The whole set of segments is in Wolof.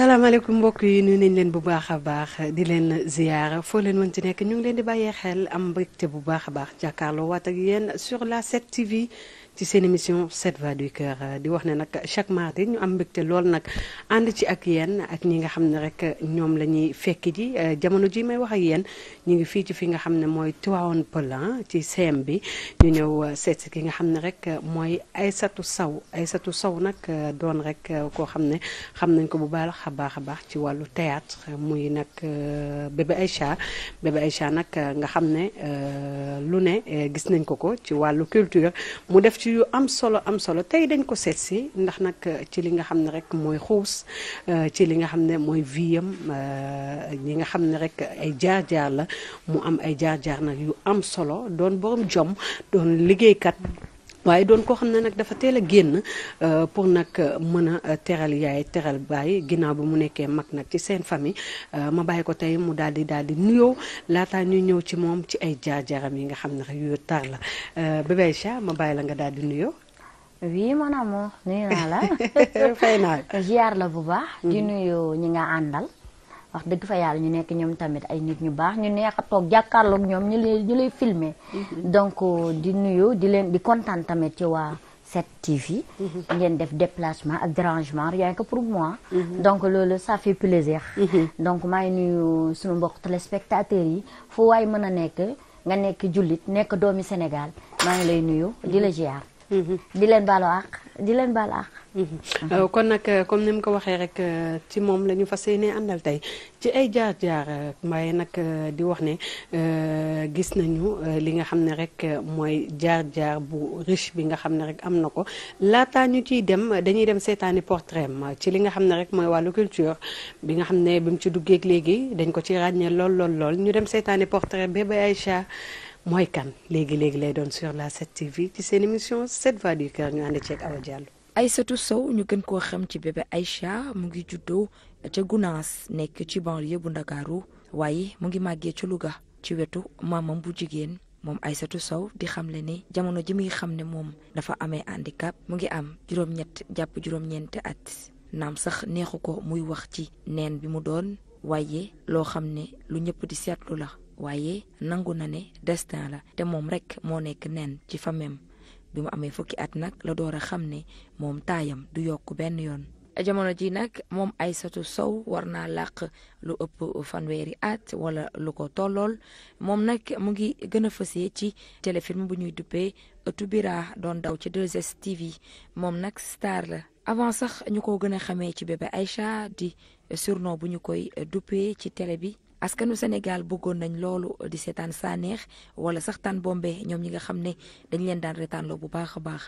salaamaaleykum mbokk yi nuyu nañ leen bu baax a baax di leen ziyaara foo leen mën ci nekk ñu ngi leen di bàyyee xel am mbégte bu baax a baax jàkkaarloo waat ak yéen sur la 7 TV. ci seen émission 7 voix du cœur euh, di wax ne nag chaque mardi ñu am mbégte lool nag ànd ci ak yenn ak ñi nga xam ne rek ñoom la ñuy fekki ji euh, jamono ji may wax ak yéen ñu ngi fii ci fi nga xam ne mooy Tivaouane Peulh ci CEM bi ñu ñëw euh, set si ki nga xam ne rek mooy ay satu saw ay satu saw nag doon rek koo xam ne xam nañ ko bu baax a baax a baax ci wàllu théâtre muy nag bébé Aïcha bébé Aïcha nag nga xam ne lu ne gis nañ ko ko ci wàllu culture mu def ci yu am solo am solo tey dañ ko seet si ndax nag euh, ci li nga xam ne rek mooy xuus euh, ci li nga xam ne mooy viyam euh, ñi nga xam ne rek ay jaar-jaar la mu am ay jaar-jaar nag yu am solo doon borom jom doon liggéeykat waaye doon koo xam ne nag dafa teel a génn euh, pour nag euh, mën a euh, teral yaay teral baay ginnaaw bi mu nekkee mag nag ci seen famille ma bàyyi ko tey mu daal di daal di nuyoo laataa ñuy ñëw ci moom ci ay jaar-jaaram yi nga xam ne yu tar la Bébé Aïcha ma bàyyi la nga daal di nuyoo. oui mon amour nuyu la. fay naa ziar la bu baax. di nuyu ñi nga àndal. wax dëgg fa yàlla ñu nekk ñoom tamit ay nit ñu baax ñu neex a toog jàkkaarloog ñoom ñu lay ñu lay mhm. donc euh, di nuyu di leen di kontaan tamit ci waa 7TV. Mhm. ngeen def déplacement ak dérangement rien que pour moi. Mhm. donc loolu ça fait plaisir. donc maa ngi nuyu sunu mbokk téléspectateurs yi fu waay mën a nekk nga nekk jullit nekk doomi Sénégal maa ngi lay nuyu di la ziar. di leen baalu àq di leen baal àq. Mhm. Euh, kon nag euh, comme ni mu ko waxee rek euh, ci moom la ñu fas yéenee àndal tey ci ay jaar-jaar waaye nag di wax ne gis nañu li nga xam ne rek mooy jaar-jaar bu riche bi nga xam ne rek am na ko laataa ñu ciy dem dañuy dem seetaani portrait ci li nga xam ne rek mooy wàllu culture bi nga xam ne bi mu ci duggee léegi dañ ko ci ràññee lool lool lool ñu dem seetaani portrait bébé Aïcha. mooy kan léegi léegi lay doon sur la 7 TV ci seen émission 7 voix du cœur ñu ànd ceeg Awa Diallo. Aïssatou Sow ñu gën koo xam ci ay Aïcha mu ngi juddoo ca Gunaas nekk ci banlieue bu Ndakaaru waaye mu ngi màggee ca Louga ci wetu maamam bu jigéen moom ay Aïssatou Sow di xam xamle ni jamono ji muy xam ne moom dafa amee handicap mu ngi am juróom-ñett jàpp juróom-ñeent at naam sax neexu ko muy wax ci neen bi mu doon waaye loo xam ne lu ñëpp di seetlu la. waaye nangu na ne destin la te moom rek moo nekk nen ci famem bi mu amee fukki at nag la door a xam ne moom taayam du yokk benn yoon. jamono ji nag moom ay Aysatu Sow war naa làq lu ëpp fanweeri at wala lu ko tollool moom nag mu ngi gën a fësee ci téléfilm bu ñuy duppee ëttu biraa doon daw ci 2STV moom nag star la avant sax ñu ko gën a xamee ci bébé Aïcha di surnom bu ñu koy duppee ci télé bi. askanu Sénégal bëggoon nañ loolu di seetaan Sanekh wala sax Tane Bombé ñoom ñi nga xam ne dañ leen daan retaanloo bu baax a baax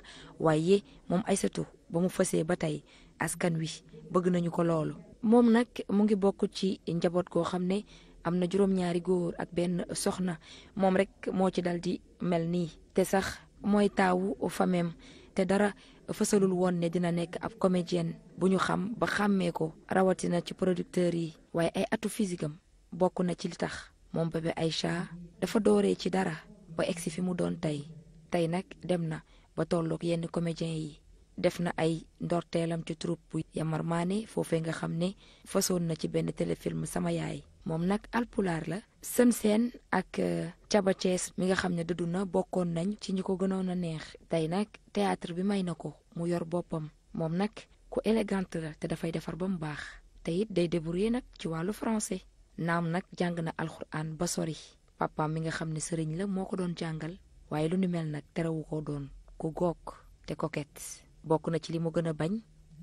waaye moom ay Aysatu ba mu fësee ba tey askan wi bëgg nañu ko loolu. moom nag mu ngi bokk ci njaboot goo xam ne am na juróom-ñaari góor ak benn soxna moom rek moo ci dal di mel nii te sax mooy taawu famem te dara fësalul woon ne dina nekk ab comédienne bu ñu xam ba xàmmee ko rawatina ci producteurs yi waaye ay atu bokk na ci li tax moom ay Aïcha dafa dooree ci dara ba egsi fi mu doon tey tey nag dem na ba tolloog yenn comédien yi def na ay ndorteelam ci troupe bu Yamar Mané nga xam ne façon na ci benn téléfilm sama yaay moom nag alpulaar la sën seen ak Caba euh, Cees mi nga xam ne dudd na bokkoon nañ ci ñi ko gënoon a neex tey nag théâtre bi may na ko mu yor boppam moom nag ku élégante la te dafay defar ba mu baax te it day débrouiller nag ci wàllu français naam nag jàng na alxuraan ba sori papaam mi nga xam ne sëriñ la moo ko doon jàngal waaye lu ni mel nag terewu ko doon ku goog te coquette bokk na ci li mu gën a bañ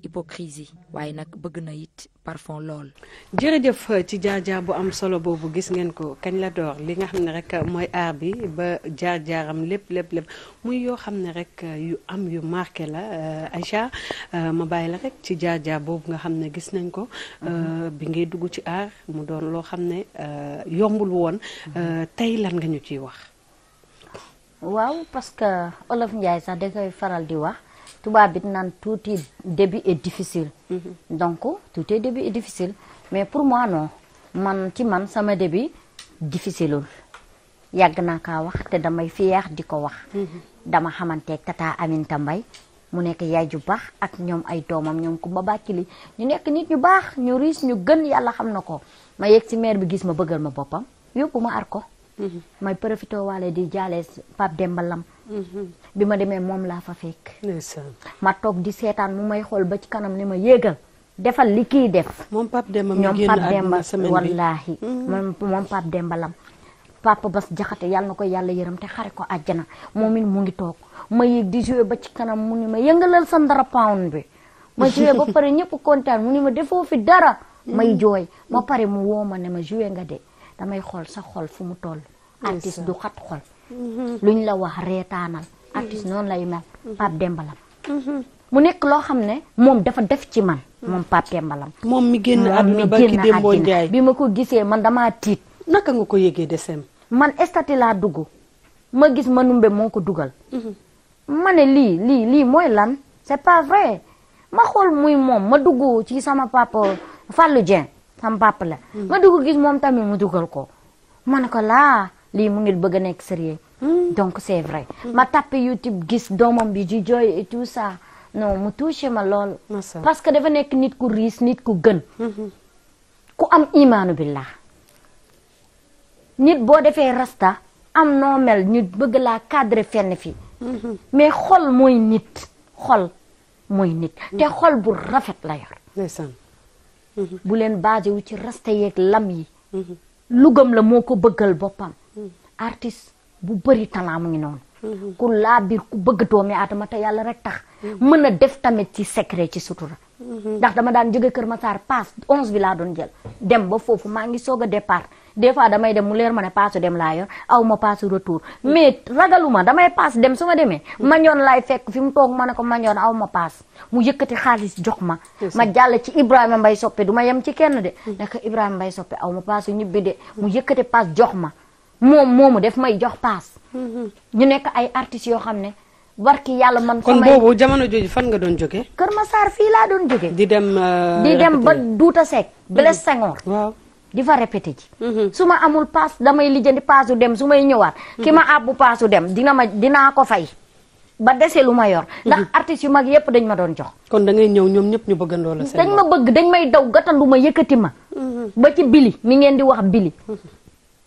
hypocrisie waaye nag bëgg na it parfum lool. jërëjëf euh, ci jaar-jaar bu am solo boobu gis ngeen ko kañ la door li nga xam ne rek euh, mooy aar bi ba jaar-jaaram lépp lépp lépp muy yoo xam ne rek euh, yu am yu marke la Aïcha ma bàyyi la rek ci jaar-jaar boobu nga xam ne gis nañ ko. Mhm. bi ngay dugg ci aar mu doon loo xam ne yombul woon mhm. tey lan nga ñu ciy wax. waaw parce que Njaay sax da faral di wax. tubaab bi naan tout est mhm. début est donc tout est début est mais pour moi non man ci man sama début difficileul yàgg naa ka wax te damay fiyeex di ko wax. Mhm. dama xamanteeg tata Aminta Mbaye mu nekk yaay ju baax ak ñoom ay doomam ñoom Kumba Bàccili ñu nekk nit ñu baax ñu riis ñu gën yàlla xam na ko ma yegg si maire bi gis ma bëggal ma boppam yóbbu ma ar ko. Mhm. may profité waale di jaale Pape Demba bi ma demee moom laa fa fekk. ma toog di seetaan mu may xool ba ci kanam ne ma yéegal defal li kii def. moom Pape Demba mi génn àdduna semaine bi wallaahi. Mm. moom moom Pape Demba lam papa Bas Jaxate yàlla na ko yàlla yërëm te xare ko àjjana moom it mu ngi toog ma yéeg di joué ba ci kanam mu ni ma yëngalal sa ndara pound bi. ma joué ba pare ñëpp kontaan mu ni ma defoo fi dara. Mm. may jooy ma pare mu woo ma ne ma jiwe nga de damay xool sa xol fu mu toll. artiste du xat xol. luñ la wax reetaanal artiste noonu lay mel mm-hmm. Pape Demba Lam mm-hmm. mu nekk loo xam ne moom dafa def ci man moom Pape Demba Lam moom mi génn àdduna ba ki Dembo Njaay bi ma ko gisee man damaa tiit naka nga ko yégee desem man estati laa dugg ma gis Manumbe moo ko dugal mm-hmm. ma ne lii lii lii mooy lan c'est pas vrai ma xool muy moom ma dugg ci sama papa Fallou Dieng sama papa la mm. ma dugg gis moom tamit mu dugal ko ma ne ko laa lii mu ngi bëgg a nekk sérieux hmm. donc c'est vrai ma tapé YouTube gis doomam bi ji jooy et tout ça non mu touché ma lool parce que dafa nekk nit ku riis nit ku gën ku am imaanu billah nit boo defee rasta am noo mel ñu bëgg laa cadre fenn fii mais xol mooy nit xol mooy nit te xol bu rafet la yor ndeysaan bu leen basé wu ci rasta yeeg lam yi lu la moo ko bëggal boppam artiste bu bëri talent mu ngi noonu. ku laa biir ku bëgg doomi aadama te yàlla rek tax. mën a def tamit ci secret ci sutura. ndax dama daan jóge Kër Massar paas onze bi laa doon jël. dem ba foofu maa ngi soog a départ des fois damay dem mu leer ma ne paasu dem laa yor aw ma paasu retour mais ragaluma damay paas dem su ma demee. mañoon laay fekk fi mu toog ma ne ko mañoon aw ma paas mu yëkkati xaalis jox ma. ma jàll ci Ibrahima Mbaye soppe du ma yem ci kenn de. Mm. ne ko Ibrahima Mbaye aw ma paasu ñibbi de. mu yëkkati paas jox ma. moom moomu def may jox paas. Mm-hmm. ñu nekk ay artistes yoo xam ne. barki yàlla man. kon boobu jamono jooju fan nga doon jóge Kër Massar fii laa doon jóge di dem euh, di dem ba Douta Seck. Blaise mm-hmm. Senghor. waaw di fa répété ji. Mm-hmm. su ma amul paas damay lijjanti paasu dem su may ñëwaat. ki ma àbbu paasu dem dina ma dinaa ko fay. ba dese lu ma yor. ndax artistes yu mag yëpp dañ ma doon jox. kon da ngay ñëw ñoom ñëpp ñu bëggandoo la. seen dañ ma bëgg dañ may daw gàttandu ma yëkkati ma. ba ci bili mi ngeen di wax bili.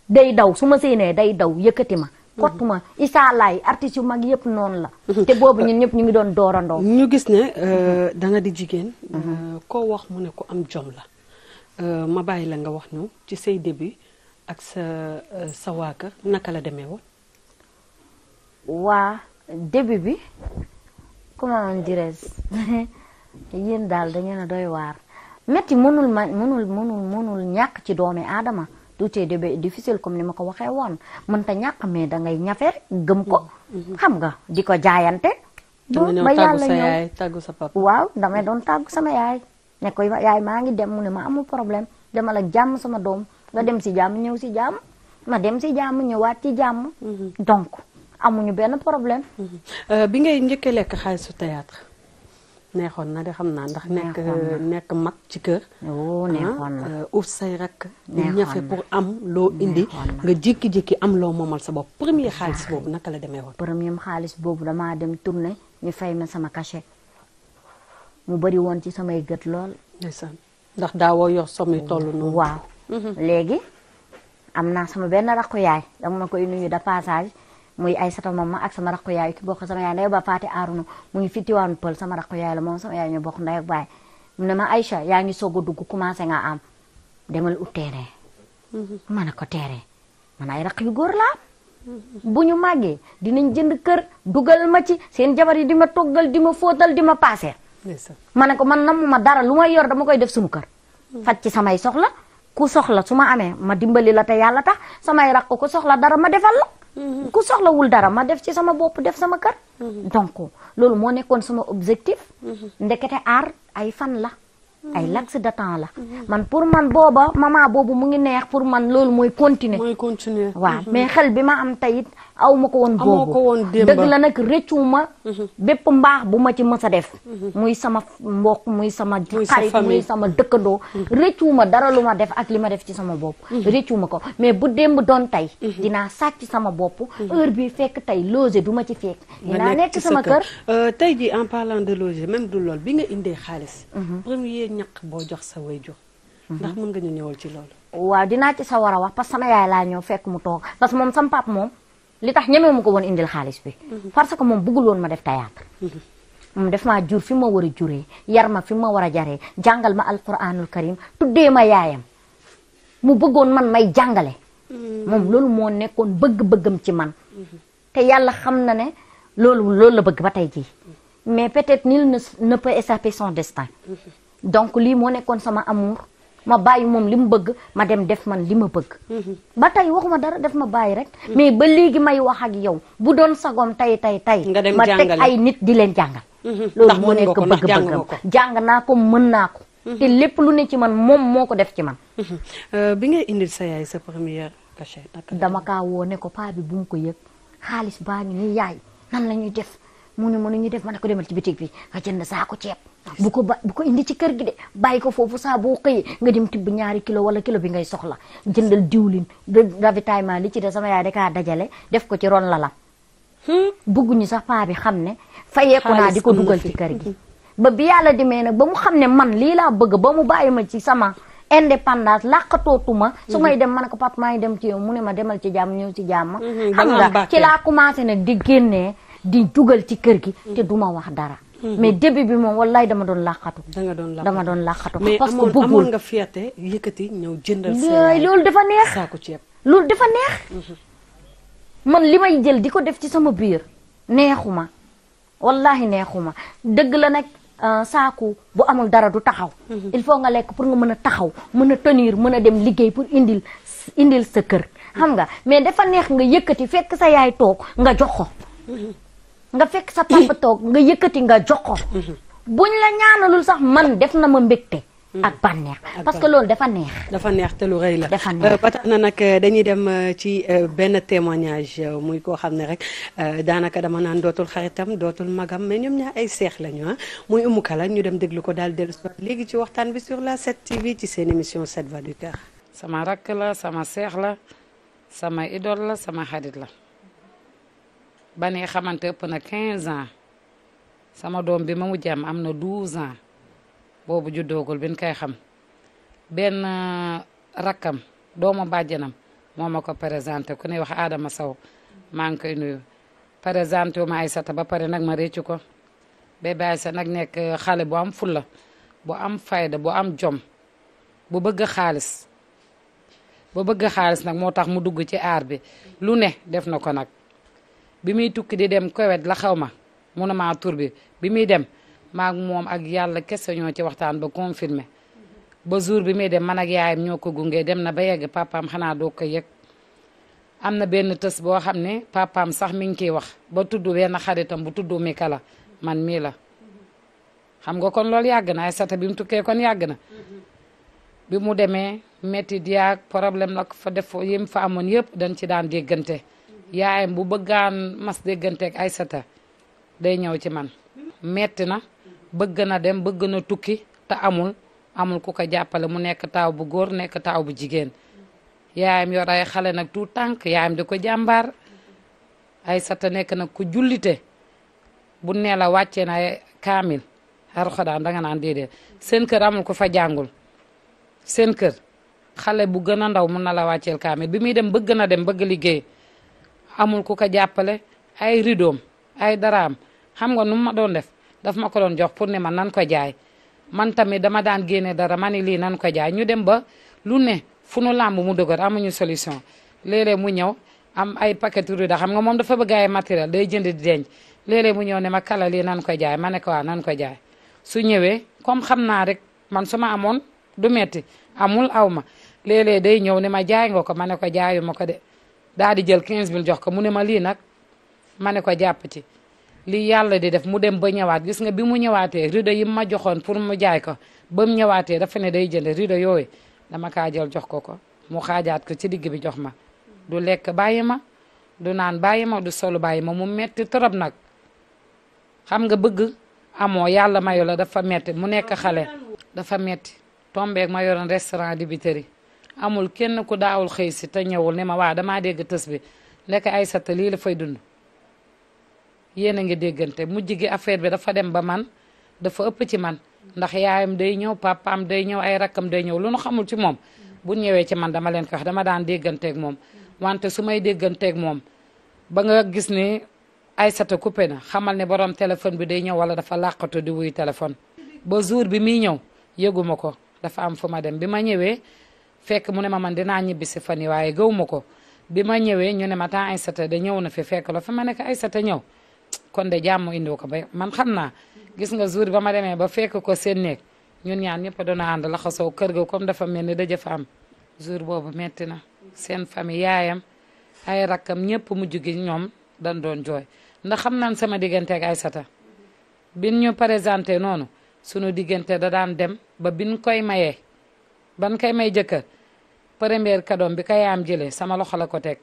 day daw su ma séenee day daw yëkkati ma mhm. kottuma Issa Laye yu mag yëpp noon la mhm. te boobu ñun ñëpp ñu ngi doon doorandoo ñu gis ne mhm. euh, da di jigéen euh, koo wax mu ne ku am jom la euh, ma bàyyi la nga wax ñu ci say début ak sa sa waa naka la demee woon waa début bi comment on dirait yéen daal da ngeen a doy waar métti mënul mënul mënul mënul ñàkk ci doomi aadama tuuti de difficile comme ni ma ko waxee woon mënta ñàkk mais da ngay ñafe rek gëm ko. Mm-hmm. Mm-hmm. xam nga di ko jaayante. ba yàlla ñëw tàggu sa papa waaw damay doon tàggu sama yaay. ne ko yaay maa ngi dem mu ne ma amul problème dama la jàmm sama doom nga dem si jàmm ñëw si jàmm ma dem si jàmm ñëwaat ci jàmm. Mm-hmm. donc amuñu benn problème. Euh, bi ngay njëkkee lekk xaalisu théâtre neexoon na de xam naa ndax nekk nekk mag ci kër oh, ah, euh, uuf say rakk di ñafe pour am loo indi nga jékki-jékki am loo moomal sa bopp premier xaalis boobu naka la demee woon premier xaalis boobu damaa dem tourné ñu fay ma sama cachet mu bari woon ci samay gët lool ndax daawoo yor somme yu toll noonu waaw mhm. am naa sama benn rakku yaay dam ma koy nuyu de passage muy ay satal moom ma ak sama rakku yaay ki bokk sama yaay nday ba faati aarunu mu ngi fi tiwaanu pël sama rakku yaay la moom sama yaay ñu bokk nday ak baay mu ne ma Aïcha yaa ngi soog a dugg commencé nga am demal ut mm-hmm. ma ne ko terrain man ay rakk yu góor laa bu ñu màggee dinañ jënd kër dugal ma ci seen jabar yi di ma toggal di ma fóotal di ma paase ma ne ko man namu ma dara lu may yor dama koy def suñu kër mm-hmm. faj ci samay soxla ku soxla su ma amee ma dimbali la te yàlla tax samay rakk ku soxla dara ma defal la ku soxlawul dara ma def ci sama boppu def sama kër. donc loolu moo nekkoon sama objectif. ndekete aar ay fan la. ay laps de temps la. man pour man booba maman boobu mu ngi neex pour man loolu mooy continuer. mooy continuer waaw mhm. xel bi ma am tayit aw ma ko woon boobu dëgg la nag rëccu ma mhm. bépp mbaax bu ma ci mës a def mhm. muy sama mbokk muy sama xarit muy sama dëkkandoo mhm. rëccu ma dara lu ma def ak li ma def ci sama bopp rëccu ma ko mais bu démb doon tey dinaa sàcc sama bopp heure bi fekk tey loger du ma ci fekk dinaa nekk sama kër euh, tey ji en parlant de loger même du lool bi nga indee xaalis premier ñaq boo jox sa waajur ndax mën nga ñu ñëwal ci loolu waa dinaa ci sa war a wax parce que sama yaay laa ñëw fekk mu toog parce que moom li tax ñemewu ma ko woon indil xaalis bi. Mhm. parce que moom bëggul woon ma def théâtre. Mhm. moom def maa jur fi ma war a juree yar ma fi ma war a jaree jàngal ma alquranul karim tuddee ma yaayam mu bëggoon man may jàngale. Mhm. moom loolu moo nekkoon bëgg-bëggam ci man. te yàlla xam na ne loolu loolu la bëgg ba tey jii. mais peut-être nul ne peut échapper son destin. donc lii moo nekkoon sama amour. ma bàyyi moom li mu bëgg ma dem def man li ma bëgg. Mhm. ba tey waxuma dara def ma bàyyi rek. mais ba léegi may wax ak yow bu doon sagoom tey tey tey. nga dem ma teg ay nit di leen jàngal. Mhm. loolu moo nekk bëgg-bëggam jàng naa ko mën naa ko. Mhm. lépp lu ne ci man moom moo ko def ci man. Euh, bi ngay indil sa yaay sa première cachet. dama kaa woo ne ko paa bu ko yëg yaay nan la def. mu ne ma nu ñuy def ma ko demal ci bitig bi nga jënd saako ceeb bu ko bu ko indi ci kër gi de bàyyi ko foofu saa boo xëyee nga dem tibb ñaari kilo wala kilo bi ngay soxla jëndal diwlin ravitaillement li ci de sama de dakaa dajale def ko ci ron lalam hmm? bëgguñu sax paa bi xam ne fayeeku naa di ko dugal ci kër gi ba bi yàlla demee nag ba mu xam ne man lii laa bëgg ba mu bàyyi ma ci sama indépendance làqatootuma su may hmm. dem ma ne ko papa maa ngi dem ci yow mu ne ma demal ci jàmm ñëw ci jàmm hmm, xam ci laa nag di génnee di jugal ci kër gi mm. te ma wax dara mm-hmm. mais début bi moom wallaay dama doon laqatu. dama doon laqatu parce que bëggul mais amoon nga fierté yëkkati ñëw jëndal. loolu dafa neex saako ceeb. loolu dafa mm-hmm. man li may jël di ko def ci sama biir neexuma wallahi neexuma dëgg la nag euh, saaku bu amul dara du taxaw. Mm-hmm. il faut nga lekk pour nga mën a taxaw mën a tenir mën a dem liggéey pour indil indil sa kër. xam nga mais dafa neex nga yëkkati fekk sa yaay toog nga jox ko. nga fekk sa papa toog nga yëkkati nga jox ko mhm. buñ la ñaanalul sax man def na ma mbégte mhm. ak bànneex parce que loolu dafa neex. dafa neex te lu rëy la dafa neex euh, ba tax na nag euh, dañuy dem euh, ci benn témoignage muy koo xam ne rek daanaka dama naan dootul xaritam dootul magam mais ñoom ñaar ay seex la ñu ah muy Umu Kala ñu dem déglu ko daal dellu léegi ci waxtaan bi sur la 7 TV ci seen émission 7 voix du cœur. sama rakk la sama seex la sama idole la sama xarit la. ba ne xamante ëpp na 15 ans sama doom bi ma mujj am na 12 ans boobu juddoogul bin kay xam benn euh, rakkam doomu bàjjanam moo ma ko présenté ku ne wax Adama saw maa ngi koy nuyu présenté wu ma Aysata ba pare nag ma réccu ko bébé Aysa nag nekk euh, xale bu am fulla bu am fayda bu am jom bu bëgg xaalis bu bëgg xaalis nag moo tax mu dugg ci aar bi lu ne def na ko nag bi muy tukki di dem kowet la xaw ma munuma ma bi bi muy dem maag moom ak yàlla kese ñoo ci waxtaan ba confirmé ba jour bi muy dem man ak ñoo ko gunge dem na ba yegg papaam xanaa doo ko yëg am na benn tës boo xam ne papam sax mi ngi ciy wax ba tudd benn xaritam bu tudd mi kala man mii la xam nga kon loolu yàgg na ay sata bi mu tukkee kon yàgg na bi mu demee métti diyaag problème la fa def yim fa amoon yëpp dañ ci daan déggante yaayam bu an mas dégganteeg Aysata day ñëw ci man metti na bëgg na dem bëgg na tukki te amul amul ku ko jàppale mu nekk taaw bu góor nekk taaw bu jigéen yaayam yor ay xale nag tout tànk yaayam di ko jàmbaar Aysata nekk nag ku jullité bu nee la wàccee na kaamil Alxuraan danga naan déedéet seen kër amul ku fa jàngul seen kër xale bu gën a ndaw mun na la wàcceel kaamil bi muy dem bëgg na dem bëgg liggéey amul ku ko jàppale ay ridoom ay daraam xam nga nu ma doon def daf ma ko doon jox pour ne ma nan ko jaay man tamit dama daan génne dara ma ne lii nan ko jaay ñu dem ba lu ne fu nu làmb mu dëgër amuñu solution léeg mu ñëw am ay paquet rida xam nga moom dafa bëgg ay matériel day jënd di denc léeg mu ñëw ne ma kala lii nan ko jaay ma ne ko waaw nan ko jaay su ñëwee comme xam naa rek man su ma amoon du metti amul aw ma léeg day ñëw ne ma jaay nga ko ma ne ko jaayu ma daa di jël 15000 jox ko mu ne ma lii nag ma ne ko jàpp ci li yàlla di def mu dem ba ñëwaat gis nga bi mu ñëwaatee rideau yi ma joxoon pour mu jaay ko ba mu ñëwaatee dafa ne day jënd rideau yooyu dama kaa jël jox ko ko mu xaajaat ko ci digg bi jox ma du lekk bàyyi ma du naan bàyyi ma du solu bàyyi ma mu metti trop nag xam nga bëgg amoo yàlla mayu la dafa metti mu nekk xale dafa metti tombeeg ma yoroon restaurant di biteri amul kenn ku daawul xëy si te ñëwul ne ma waa damaa dégg tës bi ay sata lii la fay dund yéen a ngi déggante mu gi affaire bi dafa dem ba man dafa ëpp ci man ndax yaayam day ñëw papaam day ñëw ay rakkam day ñëw lu nu xamul ci moom bu ñëwee ci man dama leen ko dama daan dégganteeg moom wante su may dégganteeg moom ba nga gis ni Aysata coupé na xamal ne borom téléphone bi day ñëw wala dafa làqatu di wuy téléphone ba jour bi muy ñëw yëguma ko dem bi ma ñëwee fekk mu ne ma man dinaa ñibbi si fan yi waaye gëw ma ko bi ma ñëwee ñu ne ma ta temps Aysata da ñëw na fi fekk la fi ma nekk Aysata ñëw kon de jàmm indiw ko ba man xam naa gis nga jour ba ma demee ba fekk ko seen néeg ñun ñaan ñëpp a doon ànd laxasoo kër ga ko dafa mel ni daja fa am jour boobu metti na seen famille yaayam ay rakkam ñëpp mu gi ñoom dañ doon jooy ndax xam naan sama diggante ak Aysata bin ñu présenté noonu sunu diggante da daan dem ba bin koy mayee ban kay may jëkkër première kadoom bi ko yaayam jëlee sama loxo la ko teg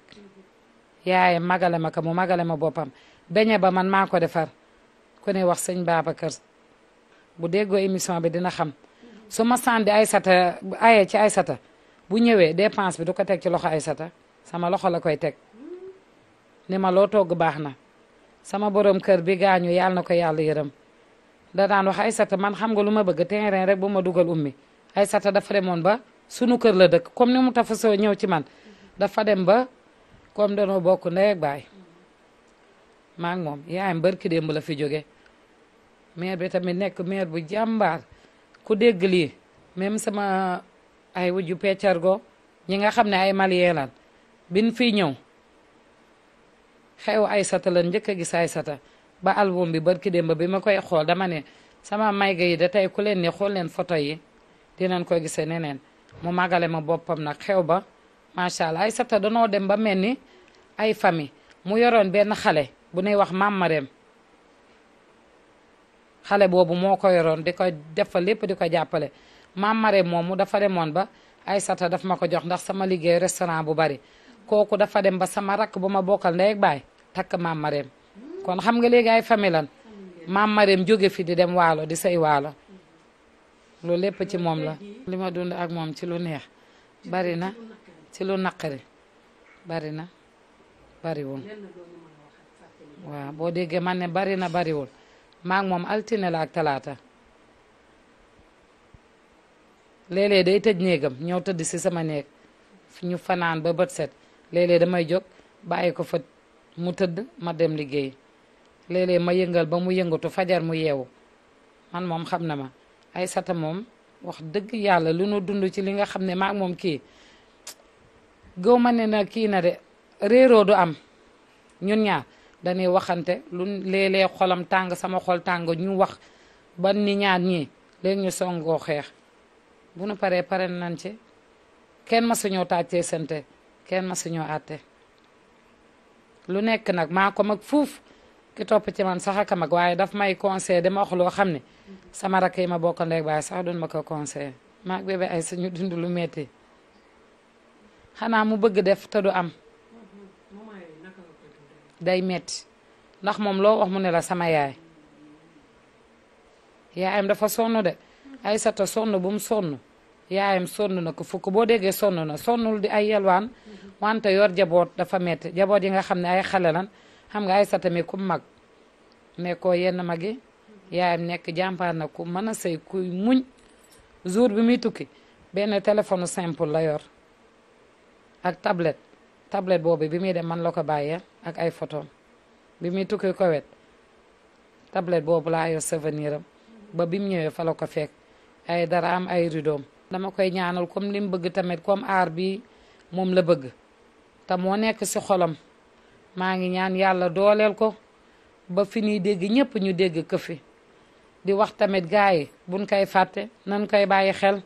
yaayam magale ma ko mu magale ma boppam beñe ba man maa ko defar ko ne wax sëñ kër bu déggoo émission bi dina xam su ma ay Aysata aye ci ay sata bu ñëwee dépense bi du ko teg ci loxo ay sata sama loxo la koy teg ni ma loo toog baax na sama borom kër bi gaañu yàlla na ko yàlla yërëm da daan wax ay Aysata man xam nga lu ma bëgg terrain rek bu ma dugal ummi ay Aysata dafa demoon ba sunu kër la dëkk comme ni mu soo ñëw ci man dafa dem ba comme danoo bokk ndey ak baay maa ngi moom yaayam barki démb la fi jóge maire bi tamit nekk maire bu jàmbaar ku dégg lii même sama ay wujju peccargo ñi nga xam ne ay malien lan bin fi ñëw xew ay sata la njëkk a gis Aysata ba album bi barki démb bi ma koy xool dama ne sama may ga yi da tey ku leen ne xool leen foto yi dinañ koy gisee neneen mu màggale ma boppam nag xew ba macha allah ay sata danoo dem ba mel ni ay famille mu yoroon benn xale bu nuy wax maam Marème xale boobu moo ko yoroon di ko def fa di ko jàppale maam Marème moomu dafa demoon ba ay sata daf ma ko jox ndax sama liggéey restaurant bu bari kooku dafa dem ba sama rakk bu ma bokkal ndey ak baay takk maam kon xam nga léegi ay famille lan maam Marème fi di dem waalo di say waalo loolu lépp ci moom la. li ma dund ak moom ci lu neex bari na ci lu naqari bari na bariwul waaw boo déggee man ne bari na bariwul maa moom altine la ak talaata léeg day tëj néegam ñëw tëdd si sama néeg ñu fanaan ba bët set léeg damay jóg bàyyi ko fa mu tëdd ma dem liggéey léeg ma yëngal ba mu yëngatu fajar mu yeewu man moom xam na ma. Aysata moom wax dëgg yàlla lu nu dund ci li nga xam ne maak moom kii gëw ma ne na kii na de réeroo du am ñun ñaar dañuy waxante lu léeg-léeg tàng sama xol tàng ñu wax ba ni ñaar ñi léegi ñu songoo xeex bu nu paree pare nañ ci kenn ma suñoo tàccee sante kenn ma suñoo àtte lu nekk nag maa ko mag fuuf ki topp ci man sax ak mag waaye daf may conseillé dama wax loo xam ne sama rakk ma bokk ndeeg baay sax doon ma ko conseillé maag bébé ay sa ñu dund lu metti xanaa mu bëgg def te du am day metti ndax moom loo wax mu ne la sama yaay yaayam dafa sonn de ay sa ta bu mu sonn yaayam sonn na ko fukk boo déggee sonn na sonnul di ay yelwaan mm-hmm. wante yor jaboot dafa metti jaboot yi nga xam ne ay xale xam nga ay sa tamit ku mag nekkoo yenn mag yi yaayam nekk jàmpaar na ku mën a sëy kuy muñ jour bi muy tukki benn téléphone simple la yor ak tablette tablet boobu bi muy dem man la ko bàyyee ak ay photo bi muy tukki Koweït tablette boobu laa yor souvenir am ba bi mu ñëwee fa la ko fekk ay dara am ay ridoom dama koy ñaanal comme li bëgg tamit comme aar bi moom la bëgg te moo nekk ci xolam maa ngi ñaan yàlla dooleel ko ba fi ñuy dégg ñépp ñu dégg ko di wax tamit gars yi buñ koy fàtte nan koy bàyyi xel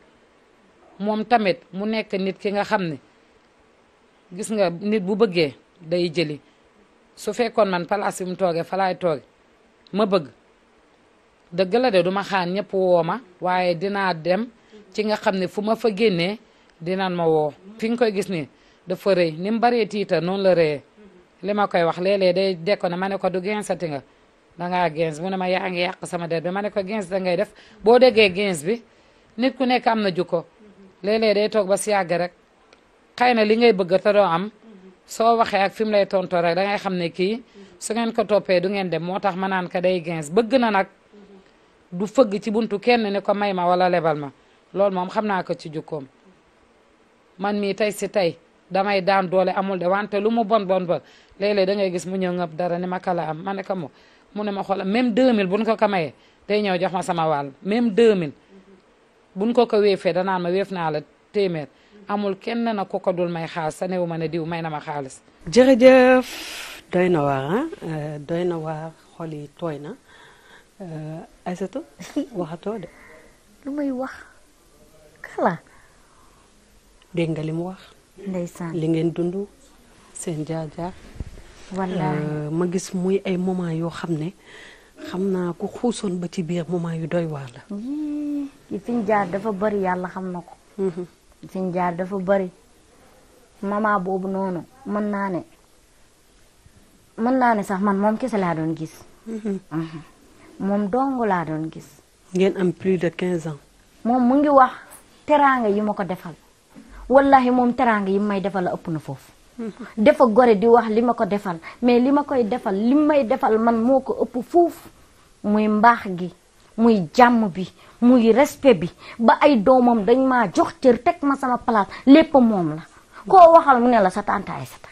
moom tamit mu nekk nit ki nga xam ne gis nga nit bu bëggee day jëli su fekkoon man palaas bi mu tooge falaay tooge ma bëgg dëgg la de duma xaan ñëpp woo ma waaye dinaa dem ci nga xam ne fu ma fa génnee dinan ma woo fi nga koy gis ni dafa rëy ni mu baree tiita noonu la rëyee li ma koy wax léeg-léeg day dekko ne ma ne ko du gensati nga dangaa gens bu ne ma yaa ngi yàq sama der bi ma ne ko gens da ngay def boo déggee gens bi nit ku nekk am na jukko léeg-léeg day toog ba si yàgg rek xëy na li ngay bëgg te doo am soo waxee ak fi mu lay tontoo rek da ngay xam ne kii su ngeen ko toppee du ngeen dem moo tax ma naan ko day gens bëgg na nag du fëgg ci buntu kenn ne ko may ma wala lebal ma loolu moom xam naa ko ci jukkoom man mii tey damay daan doole amul de wante lu mu bon bon bon léeg-léeg gis mu ñëw ngëb dara ni ma kala am ma ne ko mu mu ne ma xoolal même 2000 buñ ko ko mayee day ñëw jox ma sama wàll même 2000 buñ ko ko weefee danaan ma weef naa la téeméer amul kenn na ko ko dul may xaalis sa wu ma ne diw may na ma xaalis. jërëjëf doy na waar ah euh, doy na waar xol tooy na euh, Aïssatou waxatoo de. lu muy wax kala. dégg nga li mu wax. ndeysaan li ngeen dund seen jaar jaar wallaahi euh, ma gis muy ay moment yoo xam ne xam naa ku xuusoon ba ci biir moment yu doy waar la. yi fi jaar dafa bari yàlla xam na ko. fi jaar dafa bari mama boobu noonu mën naa ne mën naa ne sax man moom kese laa doon gis. moom dong laa doon gis. ngeen am plus de quinze ans. moom mu ngi teraanga yi ma ko defal. wallahi moom teraanga yi may defal la ëpp na foofu defal gore di wax li ma ko defal mais li ma koy defal li may defal man moo ko ëpp foofu muy mbaax gi muy jàmm bi muy respect bi ba ay doomam dañ ma jox cër teg ma sama place lépp moom la koo waxal mu ne la sa tante Aysata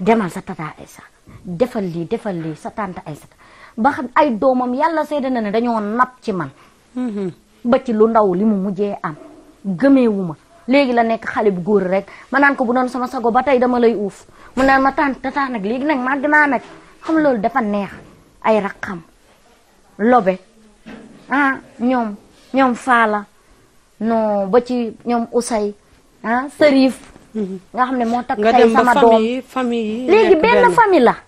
demal sa tata Aysa defal lii defal lii sa tante Aysata ba ay doomam yàlla seede na ne dañoo napp ci man mm-hmm. ba ci lu ndaw li mu mujjee am gëmeewu ma léegi la nekk xale bu góor rek ma naan ko bu noon sama sago ba tey dama lay uuf mu naan ma tànn tata nag léegi nag màgg naa nag xam loolu dafa neex ay raqam lobe ah ñoom ñoom faala non ba ci ñoom usay ah sërif nga xam ne moo takk tey sama doom nga dem ba famille famille yi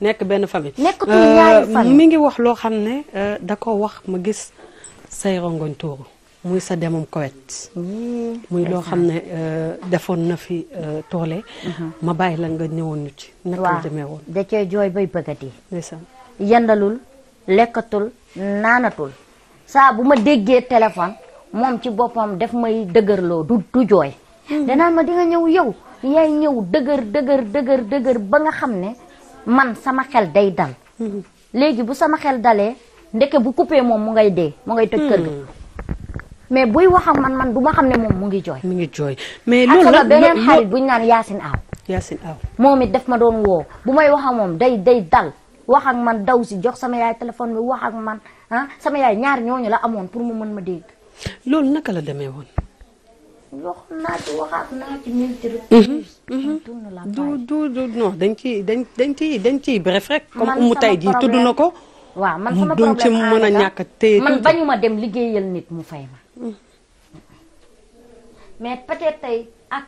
nekk benn famille. nekkatul ñaari euh, mi ngi wax loo xam ne euh, da ko wax ma gis say rongoñ tuuru. muy sa demum kowet muy loo xam ne euh, defoon na fi euh, toole uh-huh. ma bàyyi la nga ñëwoon ñu ci naka la demee woon da cee jooy bay bëggati ndeysaan yendalul lekkatul naanatul saa bu ma déggee téléphone moom ci boppam def may dëgërloo du du jooy hmm. danaan ma di nga ñëw yow yaay ñëw dëgër dëgër dëgër dëgër ba nga xam ne man sama xel day dal hmm. léegi bu sama xel dalee ndeke bu coupé moom mu ngay dee mu ngay toj kër ga hmm. mais buy wax ak man man du ma xam ne moom mu ngi jooy. mu ngi jooy mais loolu la ak beneen xarit bu ñu naan Yacine Aw. moom it daf ma doon woo bu may wax ak moom day day dal wax ak man daw si jox sama yaay téléphone bi wax ak man ah sama yaay ñaar ñooñu la amoon pour mu mën ma dégg. loolu naka la demee woon. wax naa ci ci mhm, mhm. du du du non dañ ciy dañ dañ ciy dañ ciy bref rek. comme mu tey jii tudd na ko. waaw man sama problème mu mën a ñàkk a téye man ma dem liggéeyal nit mu fay ma. mais peut-être tey ak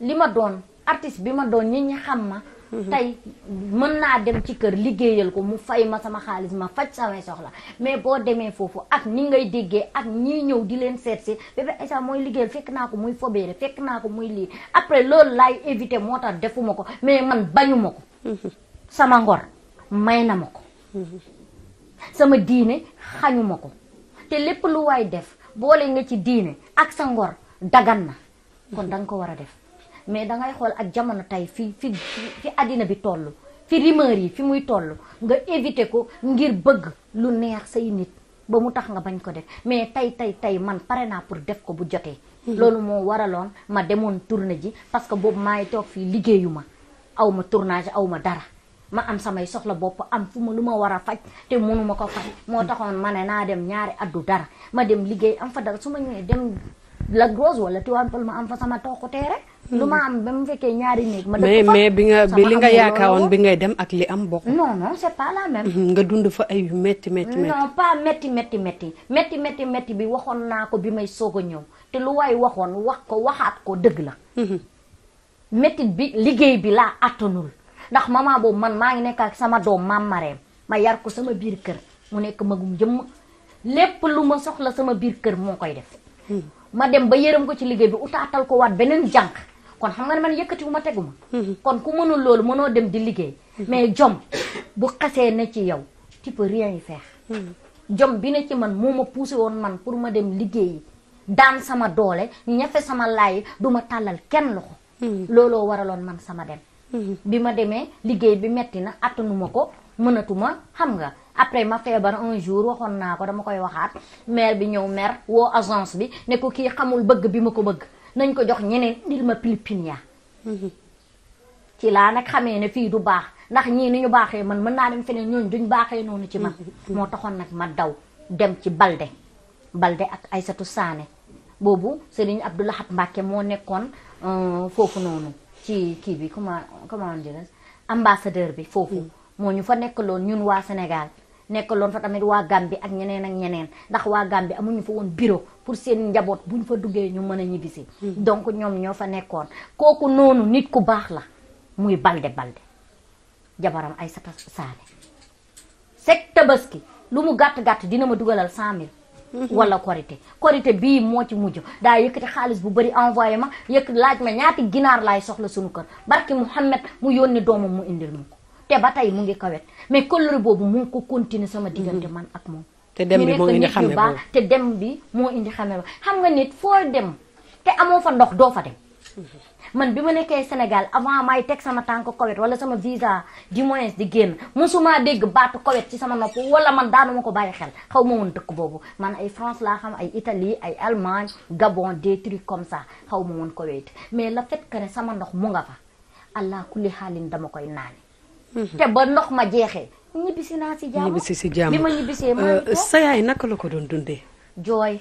li ma doon artiste bi ma doon ñi ñi xam ma mhm. tey mën naa dem ci kër liggéeyal ko mu fay ma sama xaalis ma faj samay soxla mais boo demee foofu ak ni ngay déggee ak ñiy ñëw di leen seet si bébé Aïssa mooy liggéeyal fekk naa ko muy fobeere fekk naa ko muy lii après loolu laay éviter moo tax defuma ko mais man bañuma ko mhm. sama ngor may na ma ko mhm. sama diine xañuma ko te lépp lu waay def boole nga ci diine ak sa ngor dagan na kon da nga ko war a def mais dangay xool ak jamono tey fi fi fi àddina bi toll fi rumeur yi fi muy toll nga éviter ko ngir bëgg lu neex say nit ba mu tax nga bañ ko def mais tey tey tey man pare naa pour def ko bu jotee hmm. loolu moo waraloon ma demoon tournée ji parce que boobu maay toog fii liggéeyu ma aw ma tournage aw ma dara ma am samay soxla bopp am fu ma lu ma war a faj te mënuma ko faj moo taxoon ma ne naa dem ñaari addu dara ma dem liggéey am fa dara su ma ñëwee dem la grosse wala Tivaouane Peulh ma am fa sama tooxu teere lu ma am ba mu fekkee ñaari néeg ma mais bi nga bi li nga yaakaaroon bi ngay dem ak li am bokk non non c'est pas mhm, nga dund fa ay yu métti métti métti métti métti métti métti métti métti bi waxoon naa ko bi may soog a ñëw te lu waay waxoon wax ko waxaat ko dëgg la métti mhm. bi liggéey bi laa attanul ndax maman boobu man maa ngi nekk ak sama doom maam Marème ma yar ko sama biir kër mu nekk magum jëmm lépp lu ma soxla sama biir kër moo koy def. Hmm. ma dem ba yërëm ko ci liggéey bi utaatal ko waat beneen jànq kon xam nga ne man yëkkatiwu ma tegu ma. Hmm. kon ku mënul loolu mënoo dem di liggéey. Hmm. mais jom bu xasee ne ci yow tu peux rien y faire. jom bi ne ci man moo ma poussé woon man pour ma dem liggéeyi daan sama doole ñafe sama laay du ma tàllal kenn loxo. looloo waraloon man sama dem. bi ma demee liggéey bi metti na attanuma ko mënatuma xam nga après ma feebar un jour waxoon naa ko dama koy waxaat maire bi ñëw maire woo agence bi ne ko kii xamul bëgg bi ma ko bëgg nañ ko jox ñeneen dil ma pilipiniya mhm. ci laa nag xamee ne fii du baax ndax ñii ni ñu baaxee man mën naa dem feneen ñooñu duñ baaxee noonu ci man mhm. Mhm. moo taxoon nag ma daw dem ci Balde Balde ak Aysatu Saane boobu Serigne Abdou Lahad Mbacke moo nekkoon euh, foofu noonu ci kii bi comment comment dirais ambassadeur bi foofu mm. moo ñu fa nekkaloon ñun waa Sénégal nekkaloon fa tamit waa Gambie ak ñeneen ak ñeneen ndax waa Gambie amuñu fa woon bureau pour seen njaboot buñ fa duggee ñu mën a ñibbisi mm. donc ñoom ñoo fa nekkoon kooku noonu nit ku baax la muy balde balde jabaram ay sata saane dina ma dugalal Mm-hmm. wala korité korité bii moo ci mujj daa yëkkati xaalis bu bari envoyé ma yëkk laaj ma ñaati ginaar laay soxla suñu kër barki Mouhamed mu yónni doomam mu indil ma ko te ba tey mu ngi kawet mais kóllëre boobu mu ngi ko continuer sama diggante mm-hmm. man ak moom te dem bi moo indi xame ba te dem bi moo indi xame ba xam nga nit foo dem te amoo fa ndox doo fa dem mm-hmm. man bi ma nekkee Sénégal avant may teg sama tànk Koweït wala sama visa di moins di génn mosuma dégg baatu Koweït ci sama nopp wala man daanuma ko bàyyi xel xaw ma woon dëkk boobu man ay France laa xam ay Italie ay Allemagne Gabon des trucs comme ça xaw ma woon Koweït mais le fait ne sama ndox mu nga fa allah kulli xaalin dama koy naani mhm. te ba ndox ma jeexee ñibbisi naa si jàmm si jàmm bi ma ñibbisee ma euh, sa yaay naka la ko doon dundee jooy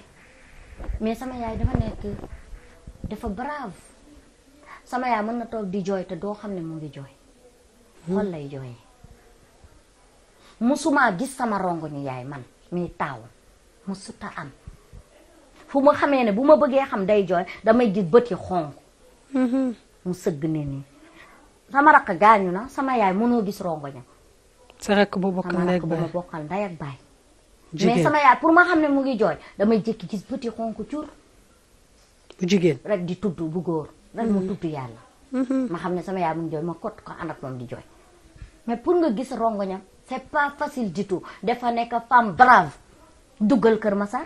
mais sama yaay sama yaay mën na toog di jooy te doo xam ne mu ngi jooy xol lay jooyee musumaa gis sama rongo ñu yaay man mii taawam musuta am fu ma xamee ne bu ma bëggee xam day jooy damay gis bët yi xonq mm-hmm. mu sëgg ne nii sama rakk gaañu na sama yaay mënoo gis rongoñam sa rakk bu bokkal ndey ak sama pour ma xam ne mu ngi jooy damay jékki gis bët yi xonq cur bu jigéen rek di tudd bu góor lan moo tudd yàlla mm-hmm. ma xam ne sama yaay mu ngi jooy ma kot ko ànd ak noonu di jooy mais pour nga gis rongoñam c'est pas facile du tout dafa nekk femme brave duggal Kër ma Massar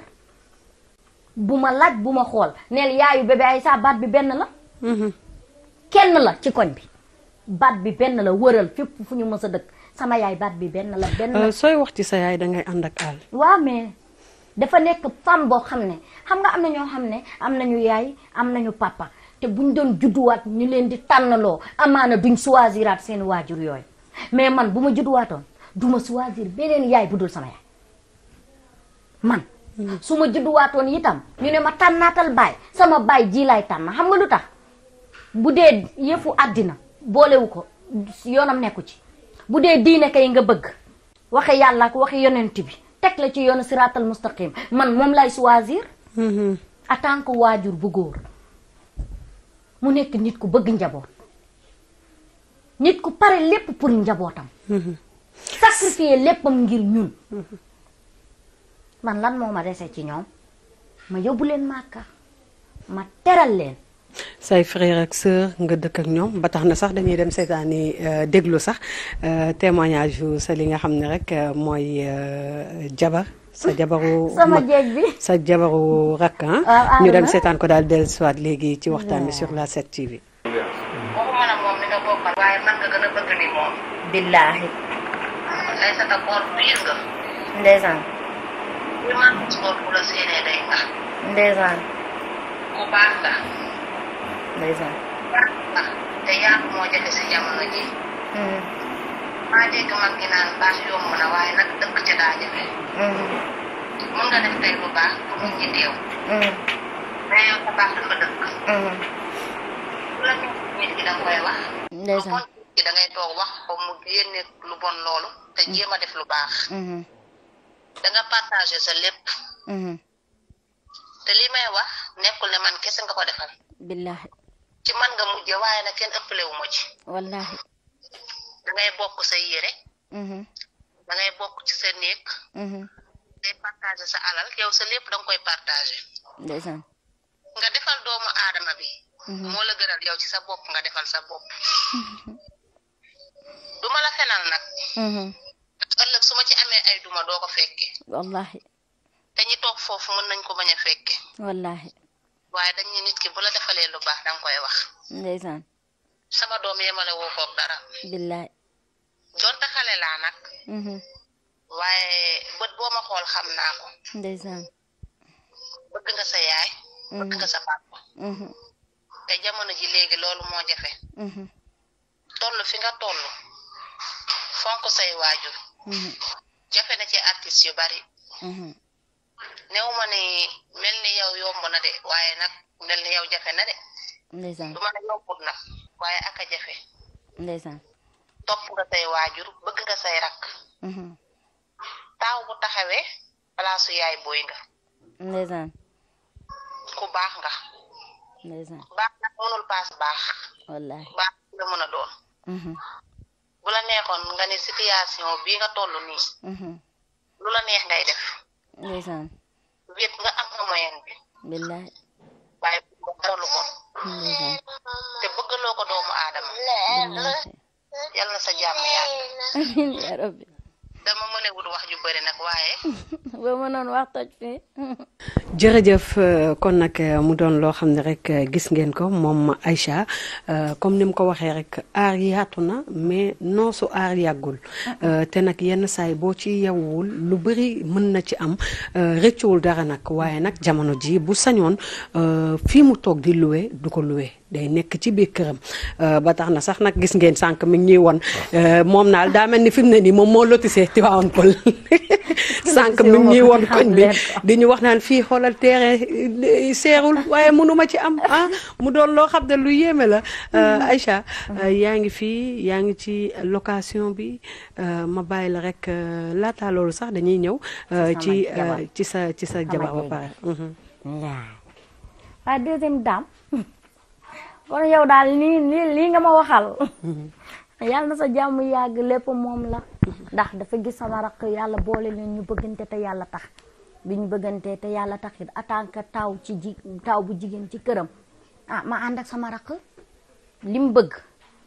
bu ma laaj bu ma xool neel yaayu bébé ay saa baat bi benn la mm-hmm. kenn la ci koñ bi baat bi benn la wëral fépp fu ñu mës a dëkk sama yaay baat bi benn la benn euh, sooy wax ci sa yaay dangay ànd ak àll waaw mais dafa nekk femme boo xam ne xam nga am na ñoo xam ne am nañu yaay am nañu papa te buñ doon judduwaat ñu leen di tànnaloo amaana duñ choisiraat seen waajur yooyu mais man bu ma judduwaatoon du ma choisir beneen yaay bu dul sama yaay man. su ma judduwaatoon itam ñu ne ma tànnaatal baay sama baay ji laay tànn xam nga lu tax bu dee yëfu àddina boolewu ko yoonam nekku ci bu dee diine yi nga bëgg waxe yàlla ak waxe yonent bi teg la ci yoonu siraatal mustaqim man moom lay choisir mm-hmm. en tant que waajur bu góor mu nekk nit ku bëgg njaboot nit ku pare lépp pour njabootam. Mhm. sacrifier léppam ngir ñun. man lan moo ma dese ci ñoom ma yóbbu leen màkka ma teral leen. say frère ak sœur nga dëkk ak ñoom ba tax na sax dañuy dem seetaani euh, déglu sax euh, témoignage yu sa li nga xam ne rek euh, mooy jabar sa jabaru sama rakk ah. Ah, ah ñu dem ah. ko daal dellu si léegi ci waxtaan bi sur la 7 TV. waxuma billaahi. maa dégg mag ñi naan baax yomb na waaye nag dëkk ca daa jafe. Hmm. mën nga def tey lu baax pour nit teew. Hmm. mais yow hmm. nga koy lu bon ki toog wax ko mu génne lu bon loolu. te jéem a def lu baax. da nga partagé sa lépp. te li may wax nekkul ne man kese nga ko defal. billaahi ci man nga mujjee waaye nag kenn ëppale wu ma ci. da bokk sa yére mm-hmm. da ngay bokk ci sa néeg mm-hmm. ngay partager sa alal yow sa népp da koy partager nga defal doomu aadama bi mm-hmm. moo la gënal yow ci sa bopp nga defal sa bopp du ma la fenal nag ndax ëllëg su ci amee ay duma doo ko fekke wallahi te ñi toog foofu mën nañ ko bañ a fekke wallahi waaye dañ ne nit ki bu la defalee lu baax danga koy wax ndeysaan sama doom yemale woo koog dara billaay donte xale laa nag. Mhm. waaye bët boo ma xool xam naa ko. ndeysaan. bëgg nga sa yaay. bëgg nga sa mhm. te jamono ji léegi loolu moo jafe. Mhm. toll fi nga toll fonk say waajur. jafe na ci artiste yu bari. neew ma ni mel ni yow yomb na de waaye nag mel ni yow jafe na de. ndeysaan du ma ne yombut nag waaye ak jafe. ndeysaan. topp nga say waajur bëgg nga say rakk mm-hmm. taaw bu taxawee palaasu yaay booy nga ndeysaan ku baax nga ndeysaan baax nag mënul paas baax wallaay baax nga mën a doon mm-hmm. bu la neexoon nga ne situation bii nga toll nii mm-hmm. lu la neex ngay def ndeysaan wéet nga am nga moyen bi billaay waaye bu ko dara lu bon te ko doomu aadama yal na jërëjëf euh, kon nag euh, mu doon loo xam ne rek euh, gis ngeen ko moom Aïcha comme ni mu ko waxee rek aar yaatu na mais non su aar yàggul te nag yenn saay boo ci yewwul lu bari mën na ci am rëccuwul dara nag waaye nag jamono ji bu sañoon fi mu toog di luwe du ko luwe. day nekk ci biir këram euh, ba tax na sax nag gis ngeen sànq mi ngi ñuy euh, moom naa daa mel ni fi mu ne nii moom moo lotisee Tivaouane Peulh sànq mi ngi ñuy won koñ bi di ñu wax naan fii xoolal terrain euh, seerul waaye mënuma ci am ah mu doon loo xam ne lu yéeme la mm. Aïcha mm. yaa ngi fii yaa ngi ci location bi ma bàyyi la rek laata loolu sax dañuy ñëw ci ci sa ci sa jabar ba pare mhm. kon yow daal lii lii lii nga ma waxal yàlla na sa jàmm yàgg lépp moom la ndax dafa gis sama raq yàlla boole leen ñu bëggante te yàlla tax bi ñu bëggantee te yàlla tax it en tant taw ci ji taw bu jigéen ci këram ah ma ànd ak sama raq li mu bëgg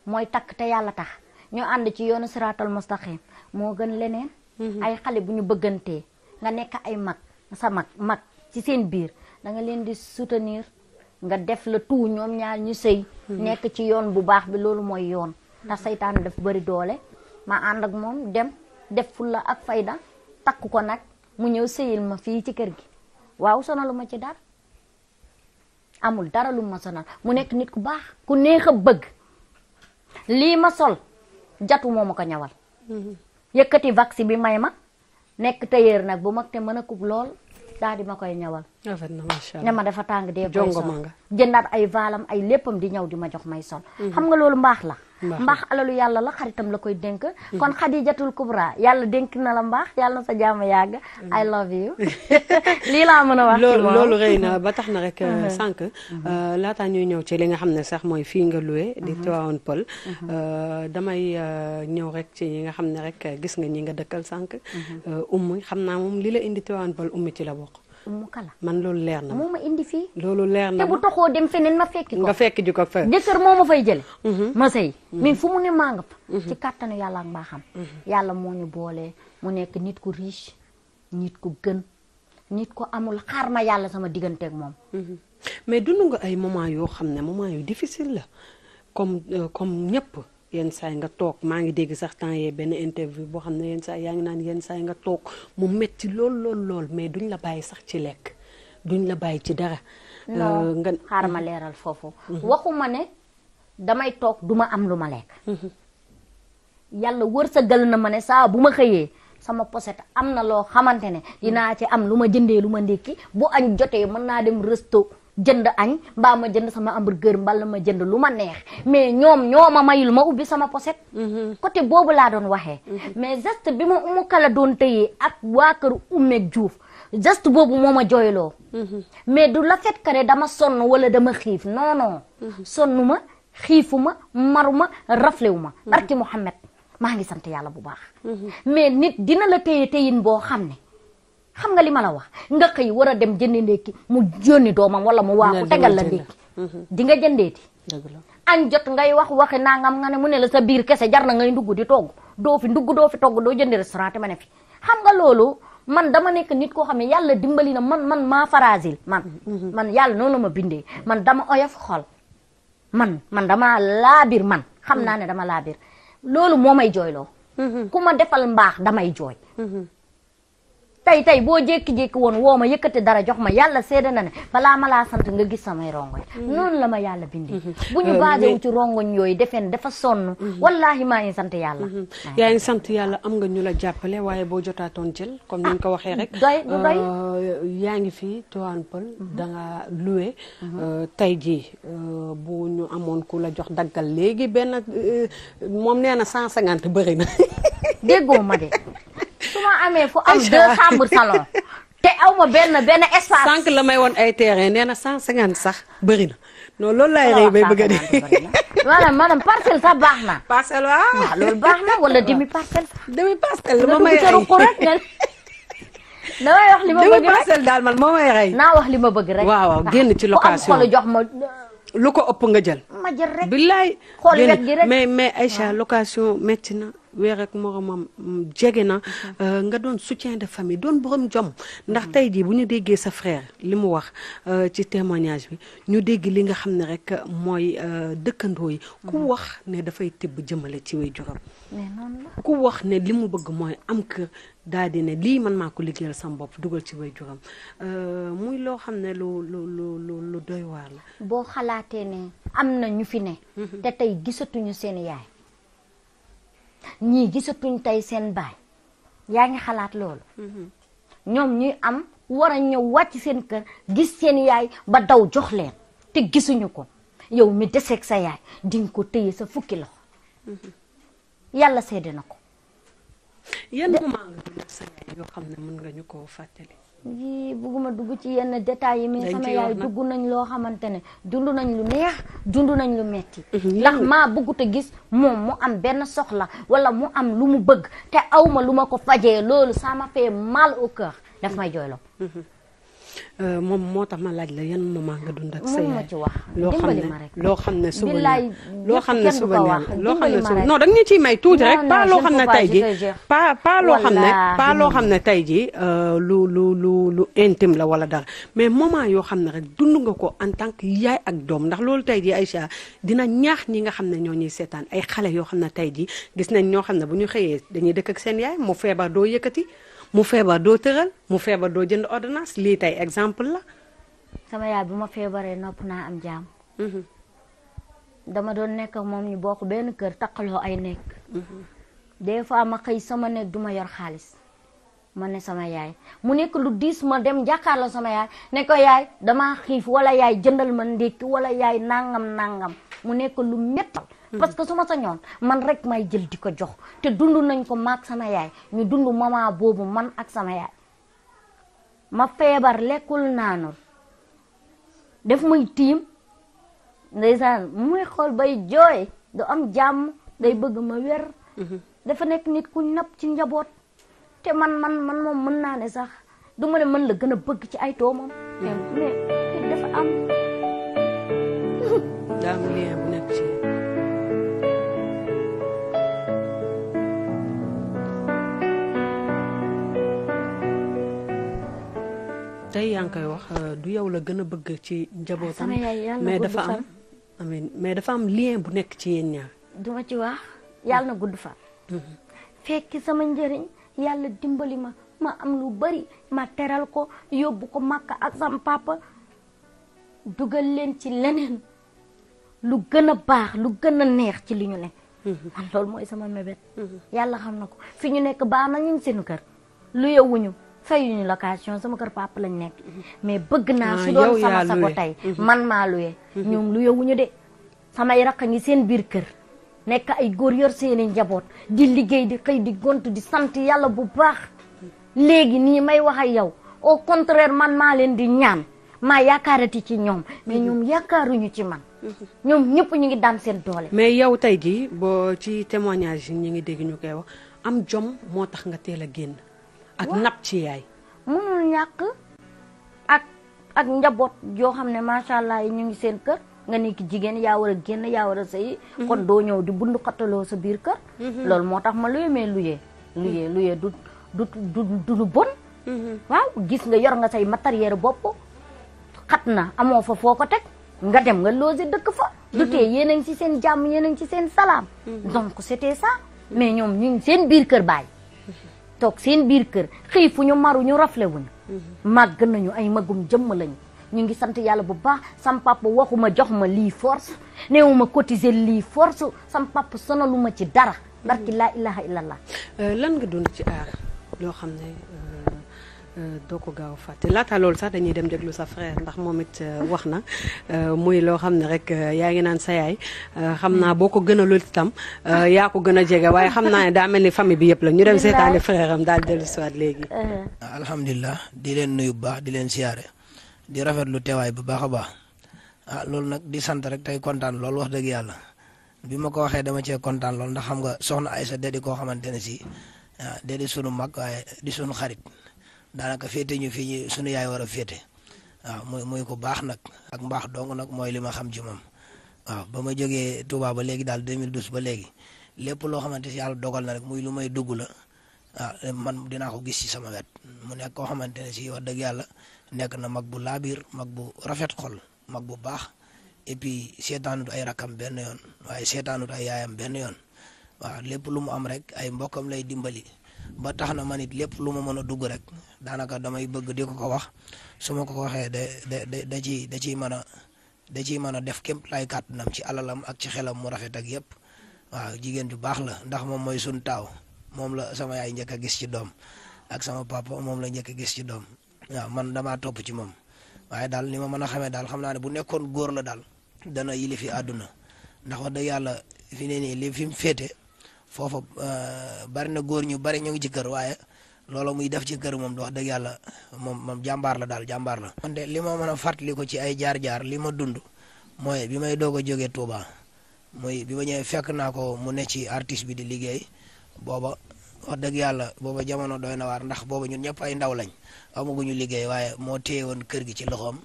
mooy takk te yàlla tax ñu ànd ci yoonu siraatal mustaqim moo gën leneen mhm. ay xale bu ñu bëggantee nga nekk ay mag sa mag mag ci seen biir danga leen di soutenir nga def la tout ñoom ñaar ñu sëy hmm. nekk ci yoon bu baax bi loolu mooy yoon ndax seytaan daf bari doole ma ànd ak moom dem def fulla ak fayda takk ko nag mu ñëw sëyil ma fii ci kër gi waaw sonalu ma ci dara amul dara lu ma sonal mu nekk nit ku baax ku neex a bëgg lii ma sol jatu moo ma ko ñawal hmm. yëkkati vaccin bi may ma nekk tailleur nag bu mag te mën a kub lool daal di ma koy ñawal. rafet na ma dafa tàng dee. koy sol jëndaat ay vaalam ay léppam di ñaw di ma jox may sol. Mhm. xam nga loolu mbaax la. mbaax alalu yàlla la xaritam la koy dénk kon xadijatul kubra yàlla denk na la mbaax yàlla na sa jàmm yàgg I love you lii laa mën a wax loolu loolu na ba tax na rek euh, sànq euh, laataa ñuy ñëw ci li nga xam ne sax mooy fii nga loué di mhm. Tivaouane Peulh mhm. euh, damay ñëw rek ci yi nga xam ne rek gis nga ñi nga dëkkal sànq mhm. ummi xam naa moom li la indi Tivaouane Peulh ummi ci la bokk umu kala man loolu leer na moo ma indi fii loolu leer na te bu taxoo dem feneen ma fekki ko nga fekk ji ko fa jëkkër ma fay jële mhm. ma sëy min mhm. fu mu ne maa nga fa mhm. yàlla ak yàlla moo ñu boole mu nekk nit ku riche nit ku gën nit ku amul xaar ma yàlla sama diggante ak moom mais dund nga ay moment yoo xam ne moment yu difficile la comme euh, comme ñëpp yenn saay nga toog maa ngi dégg sax temps yee benn interview boo xam ne yenn saay yaa ngi naan yenn saay nga toog mu metti lool lool lool mais duñ la bàyyi sax ci lekk duñ la bàyyi ci dara. Euh, nga xaar ma mhm. leeral foofu. Mhm. waxuma ne damay toog duma am lu ma lekk. Mhm. yàlla wërsëgal na ma ne saa bu ma xëyee. sama poset am na loo xamante ne dinaa ci am lu ma jëndee lu ma ndékki bu añ jotee mën naa dem resto jënd añ mbaa ma jënd sama hamburger mbala ma jënd lu ma neex mais ñoom ñoo ma mayul ma ubbi sama poset mm-hmm. côté boobu laa doon waxee mm-hmm. mais geste bi ma umu kala doon tëyee ak waa kër ummeeg Diouf geste boobu moo ma jooyloo mm-hmm. mais du la fait que dama sonn wala dama xiif non non sonn ma xiifu ma maru ma raflewu ma barki Mouhamed maa ngi sant yàlla bu baax mais nit dina la téye téyin boo xam ne xam nga li ma la wax nga xëy war a dem jëndi ndékki mu yónni doomam wala mu waaxu tegal la ndékki mhm. di nga jëndeeti añ jot ngay wax waxi nangam nga ne mu ne la sa biir kese jar na ngay ndugg di togg doo fi ndugg doo fi togg doo jëndi restaurant ma ne fi xam nga loolu man dama nekk nit koo xam ne yàlla dimbali na man man maa farasil man mhm. man yàlla noonu ma bindee man dama oyof xol man man dama laabir man xam mhm. naa ne dama laabir loolu moo may jooyloo ku ma defal damay jooy tey tey boo jékki-jékki woon woo ma yëkkati dara jox ma yàlla seede na ne balaa ma laa sant nga gis samay rongoñ mm-hmm. noonu la ma yàlla bindi mm-hmm. bu ñu euh, basé wu ci rongoñ yooyu defee ne dafa mm-hmm. wallahi maa ngi sant yàlla yaa ngi sant yàlla am nga ñu la jàppale waaye boo jotaatoon jël comme ni ñu ko ah, waxee rek doy du euh, ngi fii Tivaouane Peulh danga loué euh, tey jii bu ñu amoon ku la jox daggal léegi benn moom nee na cent cinquante bëri na déggoo ma de su amee fu am deux chambres te aw ma benn benn espace. sànq la may woon ay terrain nee na cent cinquante sax bëri na. non loolu laay rey bay bëgg a dee. maanaam maanaam parcelle sax baax na. parcelle waaw waaw loolu baax na wala demi parcelle. demi parcelle lu ma may rey nga wax li ma bëgg rek demi parcelle daal man moo may naa wax li ma bëgg rek. waaw génn ci location jox ma. lu ko ëpp nga jël. ma jël rek billaay. xool wet mais mais Aïcha location métti na weer ak moromam jege na euh, nga doon soutien de famille doon borom jom ndax tey jii bu ñu déggee sa frère li mu wax euh, ci témoignage bi ñu dégg li nga xam ne rek mooy euh, dëkkandoo yi. ku mm. wax ne dafay tibb jëmale ci way juróom. ku wax ne li bëgg mooy am kër daal di ne lii man maa ko liggéeyal sama bopp dugal ci way juram euh, muy loo xam ne lu lu lu lu doy waar la. boo xalaatee ne am na ñu fi ne. Mhm. te tey gisatuñu seen yaay. ñii gisatuñ tey seen baay. yaa ngi xalaat loolu. Mhm. ñoom ñuy am war a ñëw wàcc seen kër gis seen yaay ba daw jox leen te gisuñu ko yow mi deseeg sa yaay dinga ko téye sa fukki loxo. Mhm. yàlla seede na ko. yan moment sa yaay yoo xam ne mën nga ñu koo fàttali. ji bugguma dugg ci yenn détails yi mais sama yaay dugg nañ loo xamante ne dund nañ lu neex dund nañ lu metti mhm, ndax maa bëggut a gis moom mu am benn soxla wala mu am lu mu bëgg te awma lu ma ko fajee loolu sama m'a fait mal au cœur daf may jooyloo mhm. Euh, moom moo tax ma laaj la yan moment nga dund ak sa yaay xam ne loo xam loo xam ne suba loo xam ne suba non da nga ñu ciy may tuuti rek pas loo xam ne tey ji pas pas loo xam ne pas loo xam ne tey ji euh, lu lu lu lu intime la wala dara mais moment yoo xam ne rek dund nga ko en tant yaay ak doom ndax loolu tey ji Aïcha dina ñaax ñi nga xam ne ñoo ñuy seetaan ay xale yoo xam ne tey ji gis nañ ñoo xam ne bu ñu xëyee dañuy dëkk ak seen yaay mu feebar doo yëkkati mu feebar doo tëral mu feebar doo jënd ordonnance lii tey exemple la. sama yaay bu ma feebaree nopp naa am jaam. Mhm. dama doon nekk ak moom boo bokk benn kër takkaloo ay nekk. Mhm. des fois ma xëy sama ne du ma yor xaalis. ma ne sama yaay mu nekk lu diis ma dem jàkkaarloo sama yaay ne ko yaay damaa xiif wala yaay jëndal ma ndékki wala yaay nàngam nàngam mu nekk lu métti. Mm-hmm. parce que su ma sañoon man rek may jël di ko jox te dund nañ ko maag sama yaay ñu dund mama boobu man ak sama yaay ma feebar lekkul naanul def muy tiim ndeysaan muy xool bay jooy du am jàmm day bëgg ma wér mm-hmm. dafa nekk nit kuñ napp ci njaboot te man man man moom mën naa ne sax du ma mën la gën a bëgg ci ay doomam mm-hmm. mais am daa am lien bu nekk ci tey yaa ngi koy wax euh, du yow la gën a bëgg ci njabootam mais dafa mais dafa am lien bu nekk ci yéen ñaar duma ci wax yàlla na gudd fan mm-hmm. fekki sama njëriñ yàlla dimbali ma ma am lu bari ma teral ko yóbbu ko màkk ak sama papa dugal leen ci leneen lu gën a baax lu gën neex ci li ñu nekk mm-hmm. man loolu mooy sama mébét mm-hmm. yàlla xam na ko fi ñu nekk baax na ñu ngi seenu kër lu yowuñu fayuñu location sama kër papa lañ nekk. mais bëgg naa ah, su doon sama sago tey mhm. man maa luye. ñoom luye wuñu de samay rakk ngi seen biir kër. nekk ay góor yor seeni njaboot di liggéey di xëy di gont di sant yàlla bu baax. léegi nii may wax ak yow au contraire man maa leen di ñaan maa yaakaarati ci ñoom mais ñoom yaakaaruñu ci man. ñoom ñëpp ñu ngi daan seen doole. mais yow tey jii boo ci témoignage yi ñu ngi dégg ñu koy wax am jom moo tax nga teel a génn. ak napp ci yaay. mënul ñàkk ak ak njaboot yoo xam ne macha allah yi ñu ngi seen kër nga ki jigéen yaa war a génn yaa war a sëy mhm. kon doo ñëw di bundu xataloo sa biir kër. Mhm. lool moo tax ma luye mais luye. luye mhm. luye du du du du lu waaw gis nga yor nga say matériel bopp xat na amoo fa foo ko teg nga dem nga loose dëkk fa. du tee yéen a ngi ci seen jàmm yéen a ci seen salaam. donc c'était ça mais ñoom ñu ngi seen biir kër baay. toog seen biir kër xiifuñu maruñu rafle wuñu màgg nañu ay magum jëmm lañu ñu ngi sant yàlla bu baax sam papa waxuma jox ma lii force néewuma cotiser lii force sam papa sonaluma ci dara barki laa ilaha illallah euh, lan nga dund ci aar loo xam ne euh, Euh, doo ko gaaw fàtte laata loolu sax dañuy dem déglu sa frère ndax moom it euh, wax na euh, muy loo xam ne rek yaa ngi naan sa yaay xam naa boo ko gën a loolu itam ah. yaa ko gën a jege waaye xam naa ne daa mel ni famille bi yëpp la ñu dem seetaani frère am daal dellu si waat uh-huh. ah, di leen nuyu bu baax di leen siyaare di rafetlu teewaay bu baax a baax ah, loolu nag di sant rek tey kontaan loolu wax dëgg yàlla bi ma ko waxee dama cee kontaan loolu ndax xam nga soxna Aïssa de di koo xamante ne si ah de di sunu mag waaye di sunu xarit. daanaka féete ñu fi ñu sunu yaay war a féete waaw muy muy ko baax nag ak mbaax dong nag mooy li ma xam ci moom waaw ba ma jógee Touba ba léegi daal 2012 ba léegi lépp loo xamante si yàlla dogal na rek muy lu may dugg la waaw ah, man dinaa ko gis ci sama wet mu nekk koo xamante ne si wax dëgg yàlla nekk na mag bu laabiir mag bu rafet xol mag bu baax et puis seetaanut ay rakkam benn yoon waaye seetaanut ay yaayam benn yoon waaw lépp lu mu am rek ay mbokkam lay dimbali. ba tax na man it lépp lu ma mën a dugg rek daanaka damay bëgg di ko ko wax su ma ko waxee da da da ciy da ciy mën a da ciy mën a def képp lay kàttanam ci alalam ak ci xelam mu rafet ak yëpp waaw jigéen ju baax la ndax moom mooy sun taaw moom la sama yaay njëkk a gis ci doom ak sama papa moom la njëkk a gis ci doom waaw man damaa topp ci moom waaye daal li ma mën a xamee daal xam naa ne bu nekkoon góor la daal dana yili fi àdduna ndax wax dëgg yàlla fi ne nii féete foofa euh, bari na góor ñu bari ñu ngi ci kër waaye loolo muy def ci kër moom wax dëgg yàlla moom moom jàmbaar la daal jàmbaar la. man de li ma mën a fàttali ko ci ay jaar-jaar li ma dund mooy bi may doog a jógee Touba mooy bi ma ñëwee fekk naa ko mu ne ci artiste bi di liggéey booba wax dëgg yàlla booba jamono doy na waar ndax booba ñun ñëpp ay ndaw lañ amaguñu liggéey waaye moo téye woon kër gi ci loxoom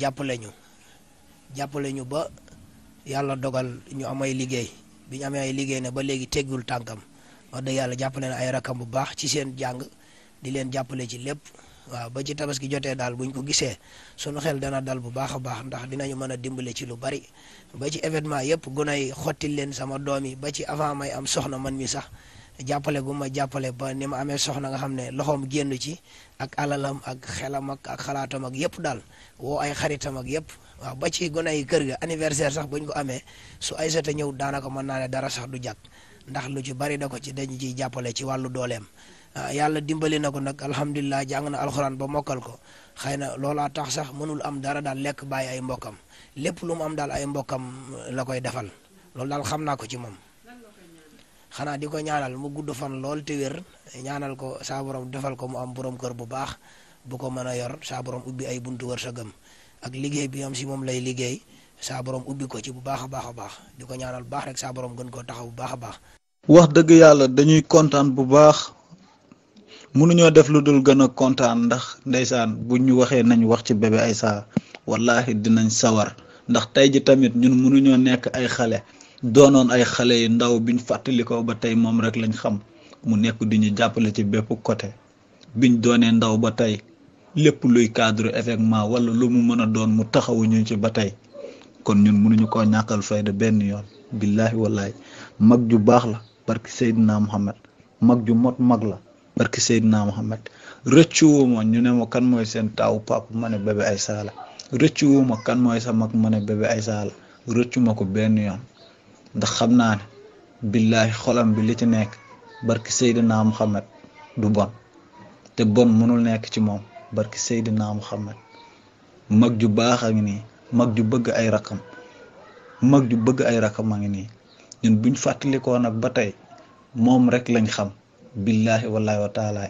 jàppale ñu jàppale ñu ba yàlla dogal ñu amay liggéey. bi ñu amee ay liggéey na ba léegi teggul tànkam wax dëgg yàlla jàppale na ay rakam bu baax ci seen jàng di leen jàppale ci lépp waaw ba ci tabaski jotee daal buñ ko gisee sunu xel dana dal bu baax a baax ndax dinañu mën a dimbale ci lu bari ba ci événement yëpp gunay xottil leen sama doom yi ba ci avant may am soxna man mi sax jàppale gu ma jàppale ba ni ma amee soxna nga xam ne loxoom génn ci ak alalam ak xelam ak ak xalaatam yëpp daal woo ay xaritam ak yëpp waaw ba ci gone yi kër ga anniversaire sax buñ ko amee su ay sota ñëw daanaka mën naa ne dara sax du jag ndax lu ci bari da ko ci dañu ciy jàppale ci wàllu dooleem ah, yàlla dimbali na ko nag alhamdulilah jàng na alxuraan ba mokkal ko xëy na loolaa tax sax mënul am dara daal lekk bàyyi ay mbokkam lépp lu mu am daal ay mbokkam la koy defal loolu daal xam naa ko ci moom xanaa di ko ñaanal mu gudd fan lool te wér ñaanal ko saa defal ko mu am borom kër bu baax bu ko mën a yor saa borom ubbi ay buntu wërsëgam ak liggéey bi am si moom lay liggéey saa ubbi ko ci bu baax a baax a baax di ko ñaaral ñaanal baax rek saa borom gën koo taxaw bu baax a baax. wax dëgg yàlla dañuy kontaan bu baax mënuñoo def lu dul gën a kontaan ndax ndeysaan bu ñu waxee nañu wax ci bébé Aïssa wallahi dinañ sawar ndax tey ji tamit ñun mënuñoo nekk ay xale. doonoon ay xale yu ndaw biñ fàttalikoo ba tey moom rek lañ xam mu nekk di ñu jàppale ci bépp côté biñ doonee ndaw ba tey lépp luy cadre événement wala lu mu mën a doon mu taxawuñu ci ba tey kon ñun mënuñu koo ñàkkal fayda benn yoon billaahi wallaahi mag ju baax la barki Seydina Muhammad mag ju mot mag la barki Seydina Muhammad rëccu wu ma ñu ne ma kan mooy seen taawu pap ma ne bébé ay saala rëccu ma kan mooy sa mag ma ne bébé ay saala rëccuma ko benn yoon ndax xam naa ne billaahi xolam bi li ci nekk barki Seydina Muhammad du bon te bon mënul nekk ci moom barki xam Muhammad mag ju baax a ngi nii mag ju bëgg ay raqam mag ju bëgg ay rakam a ngi nii ñun buñ fàttalikoo nag ba tey moom rek lañ xam billaahi wallaahi wa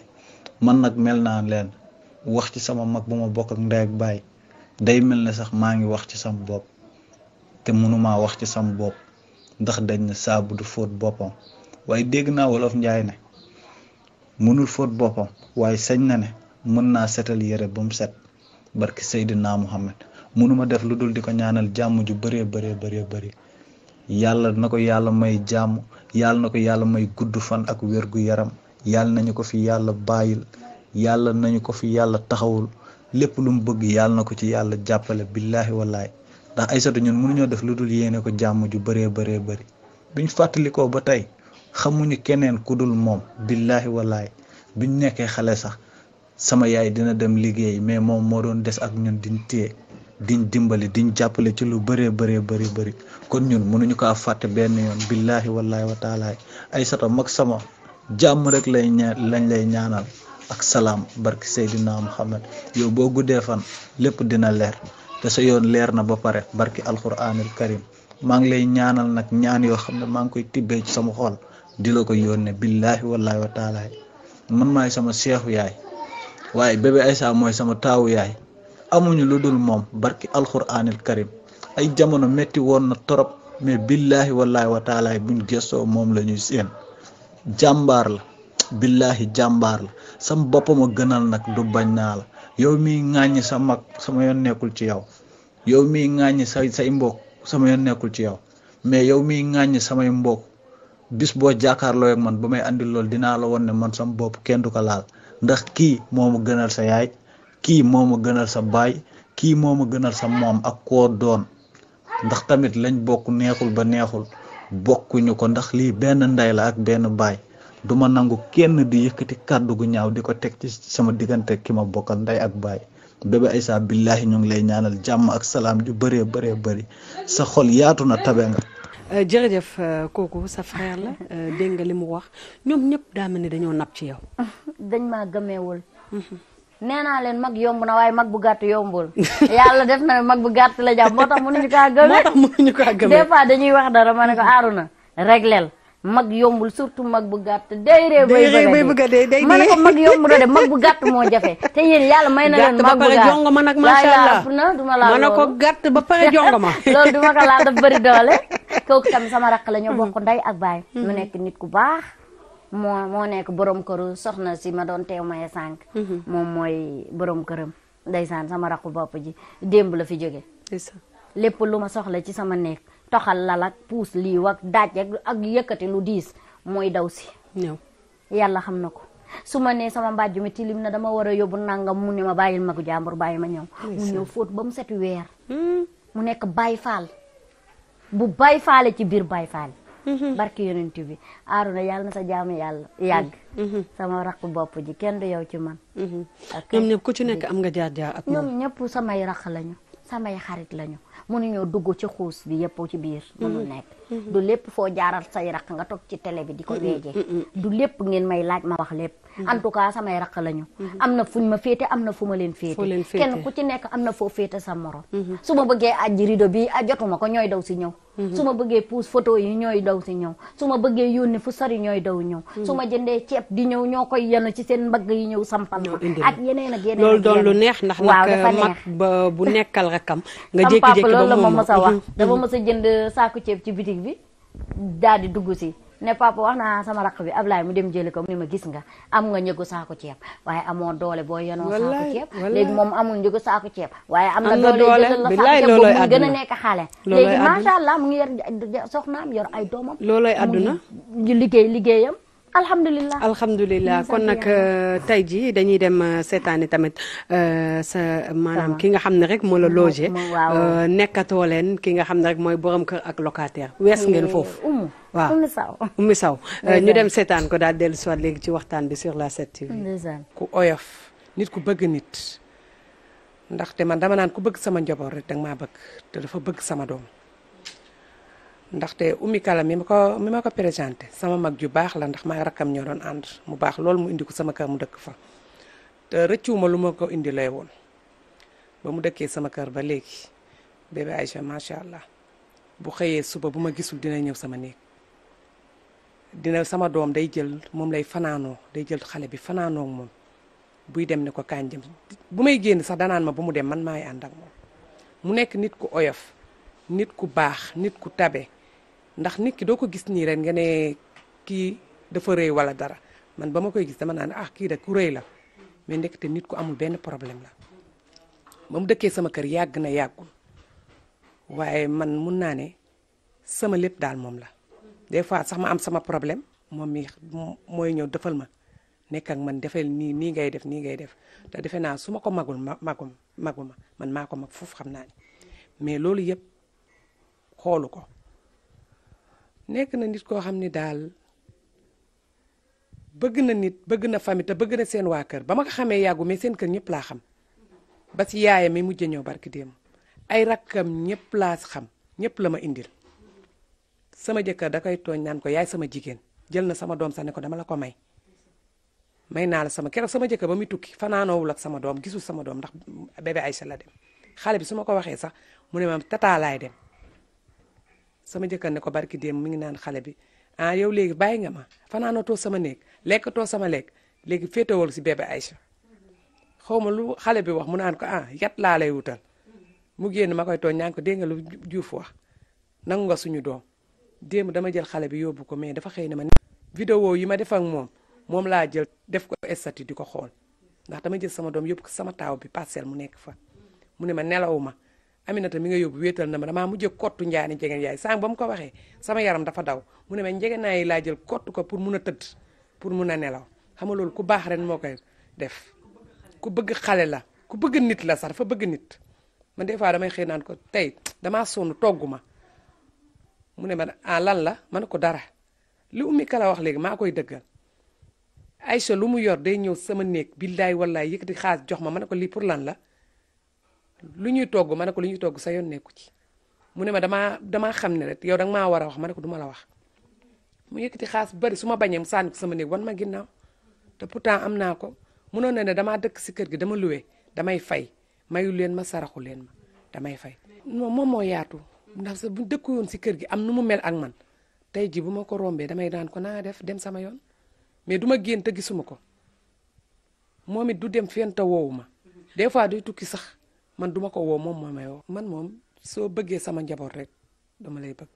man nag mel naa leen wax ci sama mag bu ma bokk ak ndey ak baay day mel ne sax maa ngi wax ci sama bopp te mënumaa wax ci sama bopp ndax dañ na saabu du fóot boppam waaye dégg naa wolof njaay ne mënul fóot boppam waaye sañ na ne mën naa setal yére ba mu set barki Seydina Muhammad mënuma def lu dul di ko ñaanal jàmm ju bëree bëree bëree bëri yàlla na ko yàlla may jàmm yàlla na ko yàlla may gudd fan ak wér gu yaram yàlla nañu ko fi yàlla bàyyil yàlla nañu ko fi yàlla taxawul lépp lu mu bëgg yàlla na ko ci yàlla jàppale billaahi wallaahi ndax ay Aysatu ñun mënuñoo def lu dul yéene ko jàmm ju bëree bëree bëri biñ fàttalikoo ba tey xamuñu keneen ku dul moom billaahi wallaahi biñ nekkee xale sax sama yaay dina dem liggéey mais moom moo doon des ak ñun diñ téye diñ dimbali diñ jàppale ci lu bëree bëree bëri bëri kon ñun mënuñu ko fàtte benn yoon billaahi wallaahi wa taalaay ay sata mag sama jàmm rek lay ña lañ lay ñaanal ak salaam barki Seydina Muhammad yow boo guddee fan lépp dina leer te sa yoon leer na ba pare barki alquraanil karim maa ngi lay ñaanal nag ñaan yoo xam ne maa ngi koy tibbee ci sama xol di la ko yónnee billaahi wallaahi wa taalaay man maay sama seexu yaay waaye bébé Aïcha mooy sama taawu yaay amuñu lu dul moom barki alxuraanil karim ay jamono metti woon na torop mais billaahi wallaahi wa taalaay buñ gëstoo moom la ñuy séen jàmbaar la billaahi jàmbaar la sam boppam a gënal nag du bañ naa la yow miy ŋàññi sa mag sama yoon nekkul ci yow yow miy ŋàññi say say mbokk sama yoon nekkul ci yow mais yow miy ŋàññi samay mbokk bis boo jàkkaarloo ak man ba may andi lool dinaa la woon ne man sama bopp kenn du ko laal ndax kii moo ma gënal sa yaay kii moo ma gënal sa baay kii moo ma gënal sa moom ak koo doon ndax tamit lañ bokk neexul ba neexul bokkuñu ko ndax lii benn ndey la ak benn baay duma nangu kenn di yëkkati kàddu gu ñaaw di ko teg ci sama diggante ki ma bokkal ndey ak baay Bébé Aïssa billahi ñu ngi lay ñaanal jàmm ak salaam yu bëree bëree bari sa xol yaatu na tabe nga Euh, jërëjëf euh, kooku sa frère la euh, dégg nga li mu wax ñoom ñëpp daa mel ni dañoo nap ci yow. dañ ma gëmeewul. Mhm. nee naa leen mag yomb na waaye mag bu gàtt yombul yàlla def na mag bu gàtt la jàpp moo tax mënuñu kaa gëmee. moo tax mënuñu kaa gëmee des fois dañuy wax dara ma ne ko aaru na mag yombul surtout mag bu gàtt day réew bay bëgg a dee day ma ne ko mag yombul de mag bu gàtt moo jafe te yéen yàlla may na leen mag bu gàtt ma nag na duma laal ma ne ba pare jongo ma loolu duma ko laal daf bëri doole kooku tam sama rakk la ñoo mm-hmm. bokk ndey ak baay mm-hmm. mu nekk nit ku baax moo moo nekk borom këru soxna si ma doon teew maye sànq mm-hmm. moom mooy borom këram ndeysaan sama rakku bopp ji démb la fi jóge lépp lu ma soxla ci sama nekk toxal lal ak puus liiw ak daaj ak yëkkati lu diis mooy daw si. ñëw yàlla xam na ko su ma nee sama mbàjj mi lim na dama war a yóbbu nangam mu ne ma bàyyil magu jàmbur bàyyi ma ñëw. mu ñëw fóot ba mu set weer. Hmm. mu nekk Baay Faal bu Baay Faale ci biir Baay Faal. Hmm. barki yonent bi aaruna yàlla na sa jaamu yàlla yàgg. Hmm. sama rakk bopp ji kenn du yow ci man. ñoom ñëpp ku ci nekk am nga jaar jaar ak ñoom ñëpp samay rakk lañu samay xarit lañu. mënuñoo dugg ci xuus bi yëpp ci biir mënul mm-hmm. nekk du lépp foo jaaral say raq nga toog ci télé bi di ko weeje du lépp ngeen may laaj ma wax lépp en samay raq lañu am na fuñ ma féete am na fu ma leen féete kenn ku ci nekk am foo féete sa morom mhm. su ma bëggee ajji rido bi a jotuma ko ñooy daw si ñëw mhm. su ma bëggee puus photo yi ñooy daw si ñëw su ma bëggee yónni fu sori ñooy daw ñëw mhm. su ma jëndee ceeb di ñëw ñoo koy yenu ci seen mbagg yi ñëw sampal ma ak yeneen ak yeneen loolu doon lu neex ndax nag mag ba bu nekkal rakam nga jékki loolu ma mës a wax dafa mës jënd saaku ceeb ci bitig néeg bi daal di dugg si ne papa wax naa sama rakk bi Ablaye mu dem jëli ko ni ma gis nga am nga njëgu saako ceeb waaye amoo doole boo yenoo saako ceeb léegi moom amul njëgu saako ceeb waaye am na doole bilaay looloy àdduna gën a nekk xale léegi macha allah mu ngi yor soxnaam yor ay doomam looloy àdduna liggéey liggéeyam alhamdulilah alhamdulilah kon nag euh, tey jii dañuy dem euh, seetaani tamit euh, sa maanaam ki nga xam ne rek moo la logé. nekkatoo leen ki nga xam ne rek mooy borom kër ak locataire wees ngeen foofu. waaw Oumy Sow ñu dem seetaan ko daal dellu soit léegi ci waxtaan bi sur la 7TV. ku oyof nit ku bëgg nit. ndaxte man dama naan ku bëgg sama njaboot rek danga ma bëgg te dafa bëgg sama doom. ndaxte Oumy Kala mi ma ko mi ma ko présenté sama mag ju baax la ndax maa rakkam ñoo doon ànd mu baax loolu mu indi ko sama kër mu dëkk fa te ma lu ma ko indi lay woon ba mu dëkkee sama kër ba léegi bébé Aïcha macha allah bu xëyee suba bu ma gisul dina ñëw sama néeg dina sama doom day jël moom lay fanaanoo day jël xale bi fanaanoo moom buy dem ne ko kañ jëm bu may génn sax danaan ma bu mu dem man maay ànd ak moom mu nekk nit ku oyof nit ku baax nit ku tabe ndax nit ki doo ko gis nii ren nga ne kii dafa rëy wala dara man ba ma koy gis dama naan ah kii rek ku rëy la mais ndekete nit ku amul benn problème la ba dëkkee sama kër yàgg na yàggul waaye man mun naa ne sama lépp daal moom la des fois sax ma am sama problème moom mi mooy ñëw defal ma nekk man defee nii nii ngay def nii ngay def te defe naa su ma ko magul ma magum maguma man maa ko mag foofu xam naa ne mais loolu yëpp xoolu ko nekk na nit koo xam ni daal bëgg na nit bëgg na famille te bëgg na seen waa kër ba ma ko xamee yàggu may seen kër ñëpp laa xam ba si yaayam may mujje ñëw barki démb ay rakkam ñépp laa xam ñëpp la ma indil sama jëkkër da koy tooñ naan ko yaay sama jigéen jël na sama doom sax ne ko dama la ko may may naa la sama keroog sama jëkkër ba muy tukki fanaanoowul ak sama doom gisul sama doom ndax bébé Aïcha la dem xale bi su ma ko waxee sax mu ne ma tatalaay dem sama jëkkër ne ko ki démb mu ngi naan xale bi ah yow léegi bàyyi nga ma fanaanatoo sama néeg lekkatoo sama lekk léegi féetewal si bébé Aïcha xaw ma lu xale bi wax mu naan ko ah yat laa lay wutal mu génn ma koy tooñ ñaan ko dégg nga lu juuf wax nangu nga suñu doom démb dama jël xale bi yóbbu ko mais dafa xëy na ma vidéo yi ma def ak moom moom laa jël def ko statut di ko xool ndax dama jël sama doom yóbbu ko sama taaw bi parcelle mu nekk fa mu ne ma nelawu ma Aminata mi nga yóbbu wéetal na ma damaa mujjee kottu njaani njegen yaay sànq ba mu ko waxee sama yaram dafa daw mu ne ma njege naa yi laa jël kottu ko pour mun a tëdd pour mun a nelaw xam nga loolu ku baax ren moo koy def ku bëgg xale la ku bëgg nit la sa dafa bëgg nit man des fois damay xëy naan ko tey damaa sonn toggu ma mu ne ma ah lan la ma ne ko dara li ummi kala wax léegi maa koy dëggal Aïcha lu mu yor day ñëw sama néeg billaay wallaay yëkkati xaas jox ma ma ne ko lii pour lan la lu ñuy togg ma ne ko lu ñuy togg sa yoon nekku ci mu ne ma damaa damaa xam ne rek yow danga maa war a wax ma ne ko du la wax mu yëkkati xaas bari su ma bañee mu sànni ko sama néeg wan ma ginnaaw te pourtant am naa ko munoon na ne damaa dëkk si kër gi dama luwe damay fay mayu leen ma saraxu leen ma damay fay. non moom moo yaatu ndax bu dëkku woon si kër gi am nu mu mel ak man tey ji bu ma ko rombee damay daan ko naa def dem sama yoon mais du ma génn te gisuma ko moom it du dem fenn te woowu ma des fois day tukki sax. man duma ko woo moom moo may wax man moom soo bëggee sama njaboot rek dama lay bëgg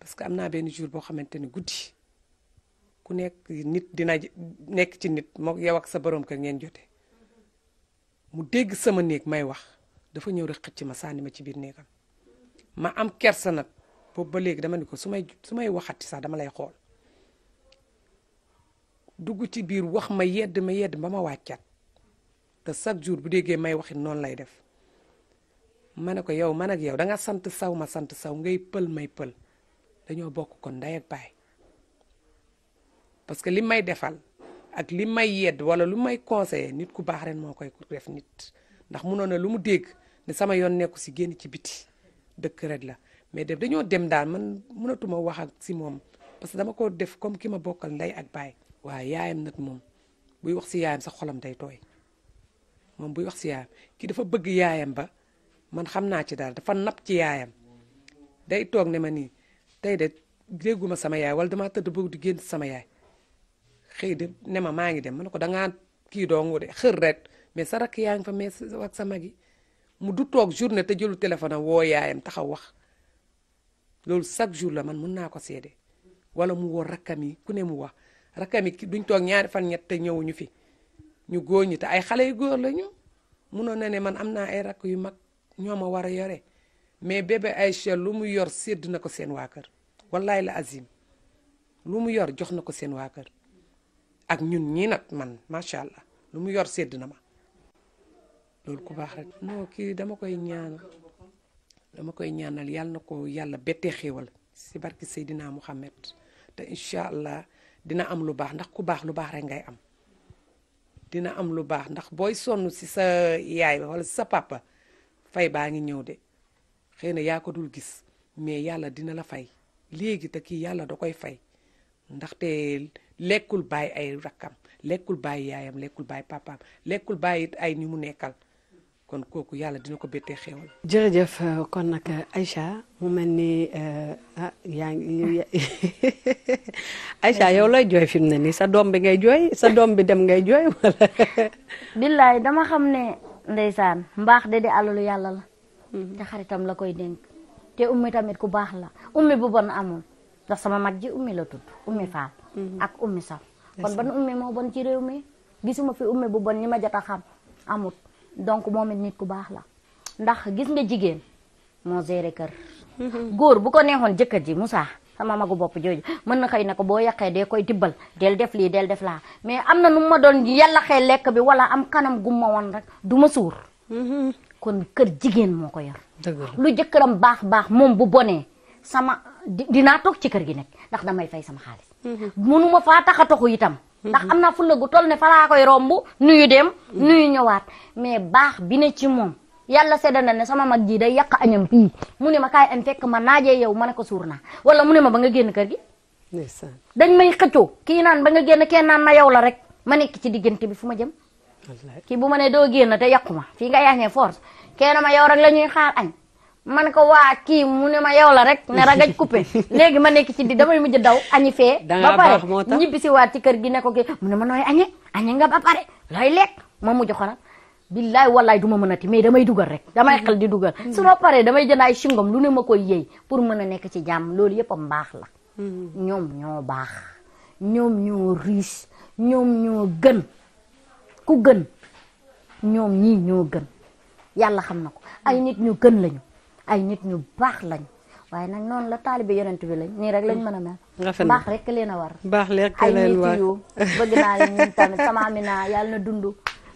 parce que am naa benn jour boo xamante ni guddi ku nekk nit dina nekk ci nit moo yow ak sa borom kër ngeen jote mu dégg sama néeg may wax dafa ñëw rek xëcc ma sànni ma ci biir néegam ma am kersa nag boobu ba léegi dama ni ko su may su may waxati sax dama lay xool dugg ci biir wax ma yedd ma yedd ba ma wàccat te chaque jour bu déggee may waxit noonu lay def ma ne ko yow man ak yow danga sant saw ma sant saw ngay pël may pël dañoo bokk kon ndey ak baay parce que li may defal ak li may yedd wala lu may conseiller nit ku baax ren moo koy def nit ndax munoon na lu mu dégg ne sama yoon nekku si génn ci biti dëkk rek la mais def dañoo dem daal man mënatuma wax ak si moom parce que dama ko def comme ki ma bokkal ndey ak baay waaye yaayam nag moom buy wax si yaayam sa xolam day tooy moom buy wax si yaayam kii dafa bëgg yaayam ba man xam naa ci daal dafa nap ci yaayam day toog ne ma nii tey de dégguma sama yaay wala damaa tëdd bëgg di génn sama yaay xëy de ne ma maa ngi dem man ne ko dangaa kii doongu de xër rek mais sa rakk yaa ngi fa mais ak sa mag mu du toog journée te jëlu téléphone am woo yaayam taxaw wax loolu chaque jour la man mun naa ko seede wala mu woo rakkam yi ku ne mu wax rakkam yi duñ toog ñaari fan ñett te ñëwuñu fi ñu góor ñi te ay xale yu góor lañu munoon na ne man am naa ay rakk yu mag ñoo ma war a yore mais bébé Aïcha lu mu yor sedd na ko seen waa kër wallaay la azim lu mu yor jox na ko seen waa kër ak ñun ñii nag man macha allah lu mu yor sedd na ma loolu ku baax rek non kii dama koy ñaanal dama koy ñaanal yàlla na ko yàlla bettee xéewal si barki Seydina Muhammad te incha allah dina am lu baax ndax ku baax lu baax rek ngay am dina am lu baax ndax booy sonn si sa yaay la wala si sa papa fay baa ngi ñëw de xëy na yaa ko dul gis mais yàlla dina la fay léegi te kii yàlla da koy fay ndaxte lekkul baay ay rakkam lekkul baay yaayam lekkul baay papaam lekkul bàyyi it ay ni mu nekkal kon kooku yàlla dina ko bettee xéewal. jërëjëf euh, kon nag Aïcha mu mel ni euh, ah yaa ngi yow looy jooy fi mu ne nii sa doom bi ngay jooy sa doom bi dem ngay jooy wala. billaay dama xam ne ndeysaan mbaax de di alalu yàlla la. Mm-hmm. te xaritam la koy dénk. te ummi tamit ku baax la ummi bu bon amul ndax sama mag ji ummi la tudd ummi faal. Mm-hmm. ak ummi sax kon ban ummi moo bon ci réew gisuma fi ummi bu bon ñi ma jot a xam amut. donc moom it nit ku baax la ndax gis nga jigéen moo géré kër. góor bu ko neexoon jëkkër ji Moussa sama magu boppu jooju mën na xëy na ko boo yàqee dee koy tibbal del def lii del def laa mais am na nu ma doon yàlla xee lekk bi wala am kanam gu ma woon rek du ma suur. kon kër jigéen moo ko yor. lu jëkkëram baax baax moom bu bonee sama dinaa toog ci kër gi nekk ndax damay fay sama xaalis. mënuma faa tax a toxu itam. ndax am na fulla gu toll ne faraa koy romb nuyu dem nuyu ñëwaat mais baax bi ne ci moom yàlla sedda na ne sama mag ji day yàq añam fii mu ne ma kaay am fekk ma naaje yow ma ne ko suur naa wala mu ne ma ba nga génn kër gi dañ may xëccoo kii naan ba nga génn kenn naan ma yow la rek ma nekk ci diggante bi fu ma jem kii bu ma ne doo génn te yàqu ma fii nga yaañee force kenn ma yow rek la ñuy xaar añ man ko waa kii mu ne ma yow la rek ne ragaj coupé léegi ma nekk ci di damay mujj daw a fee ba pare ñibbi si waat ci kër gi ne ko kii mu ne ma nooy a añe nga ba pare looy lekk ma mujj xolal billaay wallaay du ma ti mais damay dugal rek damay xel di dugal mm-hmm. su ma paree damay jënd ay singom lu ne ma koy yëy pour mën a nekk ci jàmm loolu yëpp am baax la mm-hmm. ñoom ñoo baax ñoom ñoo ñoom ñoo gën ku gën ñoom ñii ñoo gën yàlla xam na ko ay nit ñu gën lañu ay nit ñu baax lañ waaye nag noonu la taalibe yonent bi lañ nii rek lañ mën a mel. baax rek leen a war. baax rek leen war ay nit bëgg naa leen ñun tamit sama Amina yàlla na dund.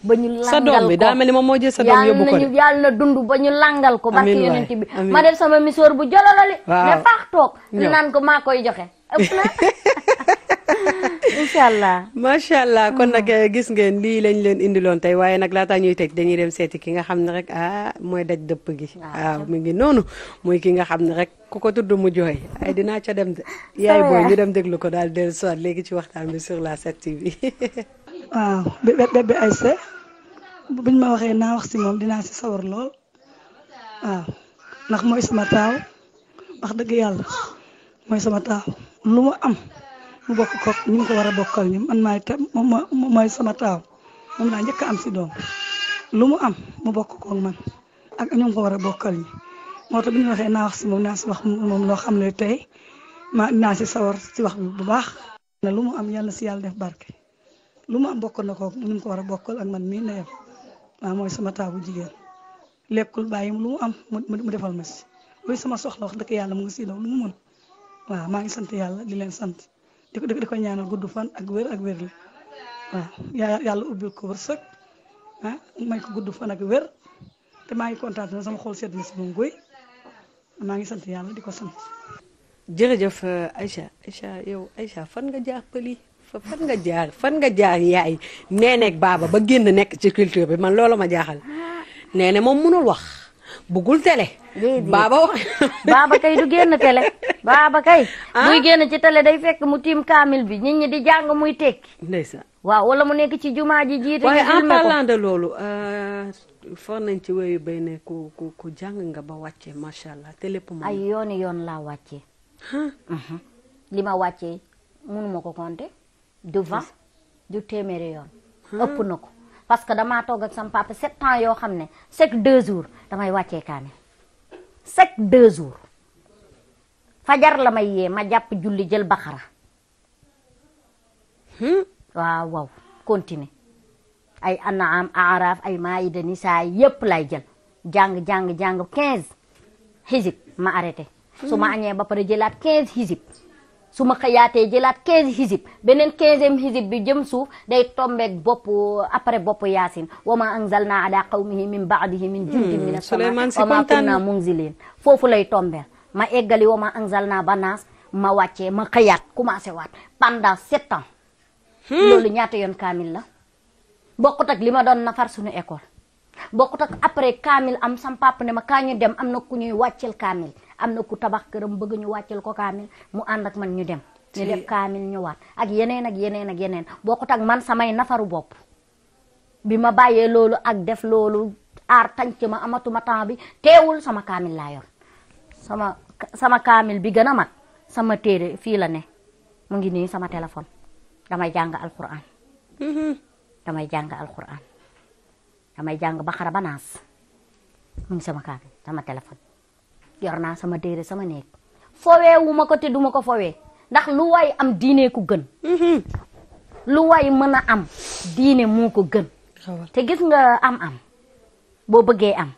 ba ñu langal ko sa doom bi daa mel moo jël sa yàlla na ba ñu langal ko. barke yonent ma def sama bu jolololi. waaw ne faax toog. naan ko maa koy joxe incha allah macha allah kon hmm. nag eh, gis ngeen lii lañ leen indiloon tey waaye nag laataa ñuy teg dañuy dem seeti ki nga xam ne rek ah mooy daj dëpp gi. waaw mu ngi noonu mooy ki nga xam ne rek ku ko tudd mu jooy ay dinaa ca dem de. yaay booy ñu dem déglu ko daal dellu si léegi ci waxtaan bi sur la 7TV. waaw bébé Aïssa buñ ma waxee naa wax si moom dinaa si sawar lool waaw ndax mooy sama taaw wax dëgg yàlla mooy sama taaw lu ma am. mu bokk ko ñu ko war a bokkal ñu man maay mooy sama taaw moom naa njëkk am si doom lu mu am mu bokk koog man ak ñu mu ko war a bokkal ñi moo bi ñu waxee naa wax si moom wax moom loo xam ne tey ma naa si sawar si wax bi bu baax na lu mu am yàlla si yàlla def barke lu mu am bokk na koog mu ko war a bokkal ak man mii na yem mooy sama taaw bu jigéen lekkul bàyyi lu mu am mu defal ma si luy sama soxla wax dëgg yàlla mu ngi si daw lu mu mën waaw maa ngi sant yàlla di leen sant di ko di ko a gudd fan ak wér ak wér la yàlla ubbil ko wërsëg ah may ko gudd fan ak wér te maa ngi kontaan na sama xol seet na si moom guy maa ngi sant yàlla di ko sant. jërëjëf euh, Aïcha Aïcha yow Aïcha fan nga jaar pëli fan nga jaar fan nga jaar yaay nekk baaba ba génn nekk ci culture bi man loolu ma jaaxal ah. nee ne moom mënul wax bëggul télé baaba baaba kay du génn télé baaba kay buy génn ci télé day fekk mu tiim kaamil bi nit ñi di jàng muy tekki ndeysaan waaw wala mu nekk ci jumaa ji jiite waaye en parlant de loolu nañ ci wéyu bay ne ku ku ku jàng nga ba wàcce macha allah te lépp moom ay yooni yoon laa wàccee li ma wàccee mënuma ko compter du vingt yoon ëpp na ko parce que damaa toog ak sama papa sept yoo xam ne chaque deux jours damay wàccee kaamil chaque deux jours fajar la ma yee ma jàpp julli jël baxara hmm? waaw waaw continuer ay anaam aaraaf ay maayida nisaa yépp lay jël jàng jàng jàng quinze xisib ma arrêté su ma añee ba pare jëlaat quinze xisib su ma xëyaatee jëlaat 15 hizib beneen 15e bi jëm suuf day tombeeg bopp après bopp yaasin wa ma anzalna ala qawmihi min baadihi min jundin min as-samaa hmm, wa ma kunna foofu lay tombeel ma eggali wa ma anzalna banaas ma wàccee ma xëyaat commencé waat pendant sept ans hmm. loolu ñaata yoon kaamil la bokkut ak li ma doon nafar suñu école bokkut ak après kaamil am sam ne ma kaa ñu dem am na ku ñuy wàccel kaamil am na ku tabax këram bëgg ñu ko kaamil mu ànd ak man ñu dem ñu def kaamil ñëwaat ak yeneen ak yeneen ak yeneen bokkut tag man samay nafaru bopp bi ma bàyyee loolu ak def loolu aar tànc ma amatuma temps bi teewul sama kaamil laa yor sama sama kaamil bi gën a mag sama téere fii la ne mu ngi nii sama téléphone damay jàng alquran mm-hmm. damay jàng alquran damay jàng mu sama kaamil sama téléphone yor naa sama déere sama néeg fowee wu ma ko te duma ko fowee ndax lu way am diine ko gën mhm. lu way mën a am diine moo ko gën te gis nga am am boo bëggee am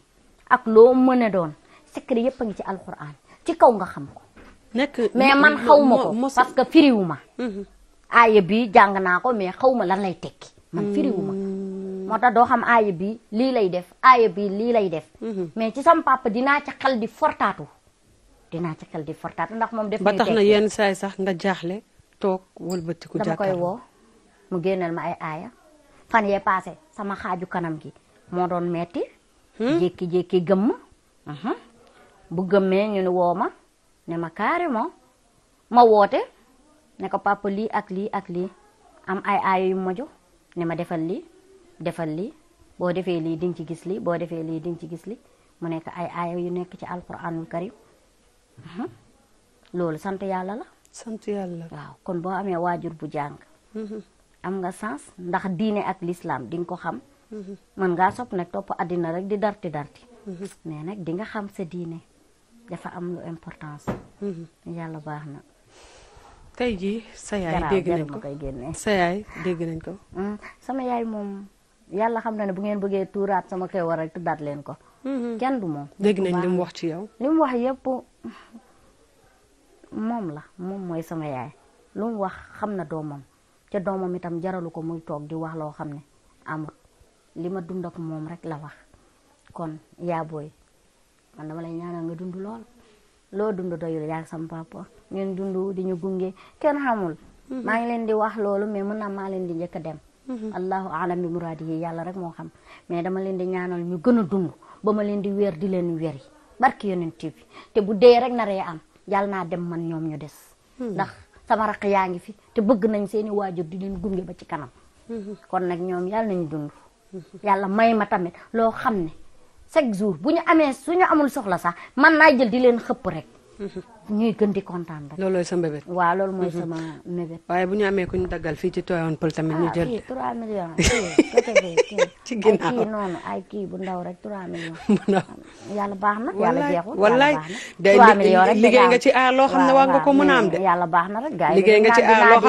ak loo mën doon secret yépp a ngi ci alxuraan ci kaw nga xam ko mais man xaw ma ko parce que firiwu ma mhm. aaya bi jàng naa ko mais xaw ma lan lay tekki man mm. firiwu ma moo tax doo xam aaya bi lii lay def aaya bi lii lay def mhm. mais ci sama papa dinaa ci xel di fortaatu dinaa ci xel di fortaatu ndax moom def ba tax na yenn saay sax nga jaaxle toog wëlbatiku dama koy woo mu génneel ma ay aaya fan yee passé sama xaaju kanam gi moo doon metti hmm? jékki-jékki gëmm mhm. bu gëmmee ñu ne woo ma ne ma carrément ma woote ne ko papa lii ak lii ak lii am ay aaya yu ma jox ne ma defal lii defal lii boo defee lii di ci gis lii boo defee lii di ci gis lii mu nekk ay aaya yu nekk ci alquranul karim mhm. loolu sant yàlla la. sant kon boo amee waajur bu jàng. Mhm. am nga sens ndax diine ak lislaam di nga ko xam. Mhm. mën ngaa sob nag topp addina rek di darti darti. mais nag di nga xam sa diine dafa am lu importance. yàlla baax na. tey ji sa yaay dégg nañ ko sa dégg nañ ko. yaay moom. yàlla xam na ne bu ngeen bëggee tuuraat sama xewal rek tuddaat leen ko. Mm-hmm. kenn du moom. dégg nañ mu wax ci yow. li mu wax yëpp moom la moom mooy sama yaay lu wax xam na doomam ca doomam itam jaralu ko muy toog di wax loo xam ne amut li ma dund ak moom rek la wax kon yaa booy man dama lay ñaanal nga dund lool loo dund doyul yaa sama papa ngeen dund di ñu gunge kenn xamul. Mm-hmm. maa ngi leen di wax loolu mais mën naa maa leen di njëkk a dem. allahu alam bi muraadi yi yàlla rek moo xam mais dama leen di ñaanal ñu gën a dund ba ma leen di weer di leen weri barki yonent bi te bu dee rek naree am yàlla naa dem man ñoom ñu des hmm. ndax sama raq yaa ngi fi te bëgg nañ seeni waajur di leen gunge ba ci kanam hmm. kon nag ñoom yàlla nañu dund hmm. yàlla may ma tamit loo xam ne chaque jour bu ñu amee suñu amul soxla sax man naa jël di leen xëpp rek ñuy gën di kontaan rek. loolooy sa mbébét. waaw loolu mooy mhm. sama waaye bu ñu amee ku ñu daggal fii ci Tivaouane Peulh tamit ñu ah, jël. ah kii 3 millions ci ginnaaw ay kii noonu ay kii bu ndaw rek 3 millions. bu ndaw yàlla baax na yàlla jeexul. wallaay wallaay liggéey nga ci aar loo xam ne waa nga ko mën a am de. yàlla baax na rek liggéey nga ci aar loo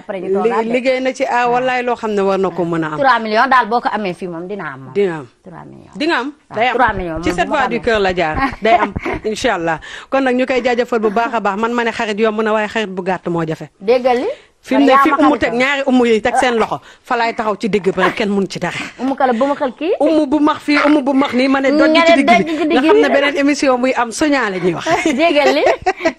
après ñu toog na ci aar wallaay loo xam ne war na ko mën a am. 3 millions daal boo ko amee fii moom dina am moom 3 millions di nga am day am ci sept voies du cœur la jaar day am incha allah kon nag ñu koy jaajëfal bu baax a baax man ma ne xarit yomb na waaye xarit bu gàtt moo jafe déggal fi mu ne fi umu teg ñaari umu yi teg seen loxo fa laay taxaw ci digg ba kenn mun ci dara. umu kala bu ma xal kii. umu bu max fii umu bu max nii ma ne. doj ci digg bi nga xam ne beneen émission buy am soñaa la ñuy wax. jégal li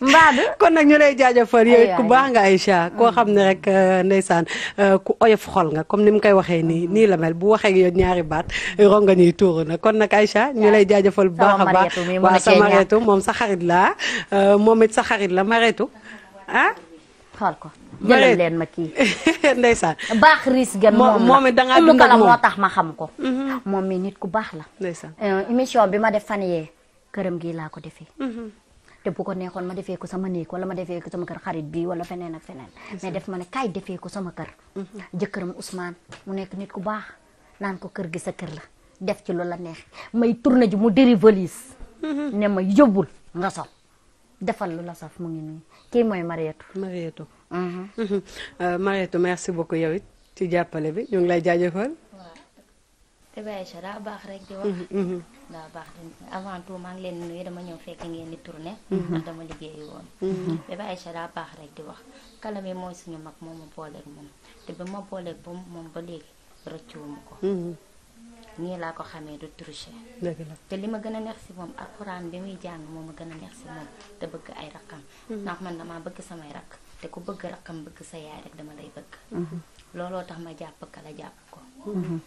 mbaadu. kon nag ñu lay jaajëfal yow ku baax nga Aïcha koo mm. xam ne rek euh, ndeysaan euh, ku oyof xol nga comme ni mu koy waxee nii nii la mel bu waxee yow ñaari baat ronga ñuy tuuru na kon nag Aïcha ñu lay jaajëfal bu baax a baax waaw sa Mareetu moom sa xarit la euh, moom it sa xarit la Mareetu ah jëlal leen ma kii. ndeysaan baax ris gen moom la da ngaa dund ak moo tax ma xam ko. Mm-hmm. moom mi nit ku baax la. ndeysaan euh, émission bi ma def fan yee këram gii laa ko defee. Mm-hmm. te ko neexoon ma defee ko sama néeg wala ma defee ko sama kër xarit bi wala feneen ak feneen. mais def ma ne kaay ko sama kër. Mm-hmm. jëkkëram Ousmane mu nekk nit ku baax naan ko kër gi sa kër la def ci loolu la neex may tourné ji mu diri valise. ne ma yóbbul nga sof defal lu la saf mu ngi nii kii mooy Mariétou. Ah, Mariétou merci beaucoup yow it ci jàppale bi ñu ngi lay jaajëfal. te bàyyi sa baax rek di wax. daa baax avant tout maa ngi leen nuyu dama ñëw fekk ngeen di tourné. ndax dama liggéeyi woon. te bàyyi baax rek di wax Kalame mooy suñu mag moom ma booleeg moom te ba ma booleeg ba moom ba léegi rëccuwuma ko. nii laa ko xamee du tricher. te li ma gën a neex si moom alxuraan bi muy jàng moom ma gën a neex si moom te bëgg ay rakkam. ndax man damaa bëgg samay rakk. te ku bëgg rakkam bëgg sa yaay rek dama lay bëgg mhm. looloo tax ma jàpp kala jàpp ko mhm.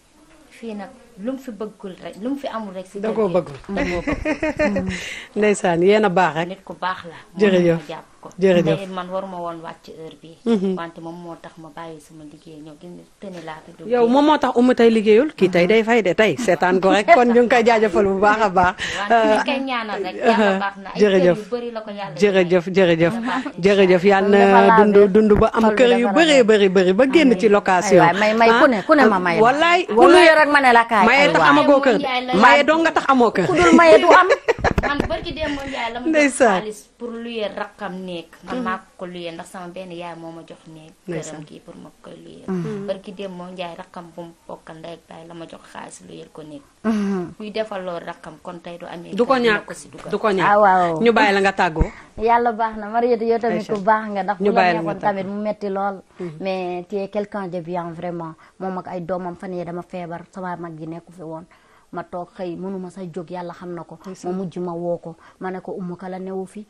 fii nag lu mu fi bëggul rek lu mu fi amul rek si da koo bëggul ndeysaan yéen a baax rek nit ku baax la jërëjëf jàpp ko jërëjëf man waruma woon wàcc heure mhm. moom moo tax ma bàyyi sama liggéey ñëw gis nga tëni laa fi dugg yow tey liggéeyul kii tey day fay de tey seetaan ko rek kon ñu ngi koy jaajëfal bu baax a baax koy ñaanal rek yàlla na jërëjëf bëri la ko yàlla jërëjëf jërëjëf jërëjëf yàlla na dund dund ba am kër yu bëree bëri bëri ba génn ci location may may ah, ku ne ne ma may wallaay ku nuyu ma ne la kaay maye tax amagoo kër maye doo nga tax amoo kër man barki démb Ndiaye la ma jox xaalis pour luyee raqam néeg mm. man maa ko luyee ndax sama benn yaay moo ma jox néeg këram kii pour ma koy luyee mm. mm. barki démb Ndiaye raqam bu mu bokkal ndey la ma jox xaalis luyeel ko néeg mm-hmm. kuy defal loolu raqam kon tey du amee du ko ñàkk du ko ñàkk ah, waaw ñu bàyyi la nga tàggoo yàlla baax na Mariétou yow tamit ku baax nga ndax bu la neexoon tamit mu metti lool mm-hmm. mais tu es quelqu'un de bien vraiment moom ak ay doomam fan yee dama feebar sama mag ji nekku fi woon ma toog xëy mënuma sax jóg yàlla xam na ko ma mujj ma woo ko ma ne ko ummu kala newu fi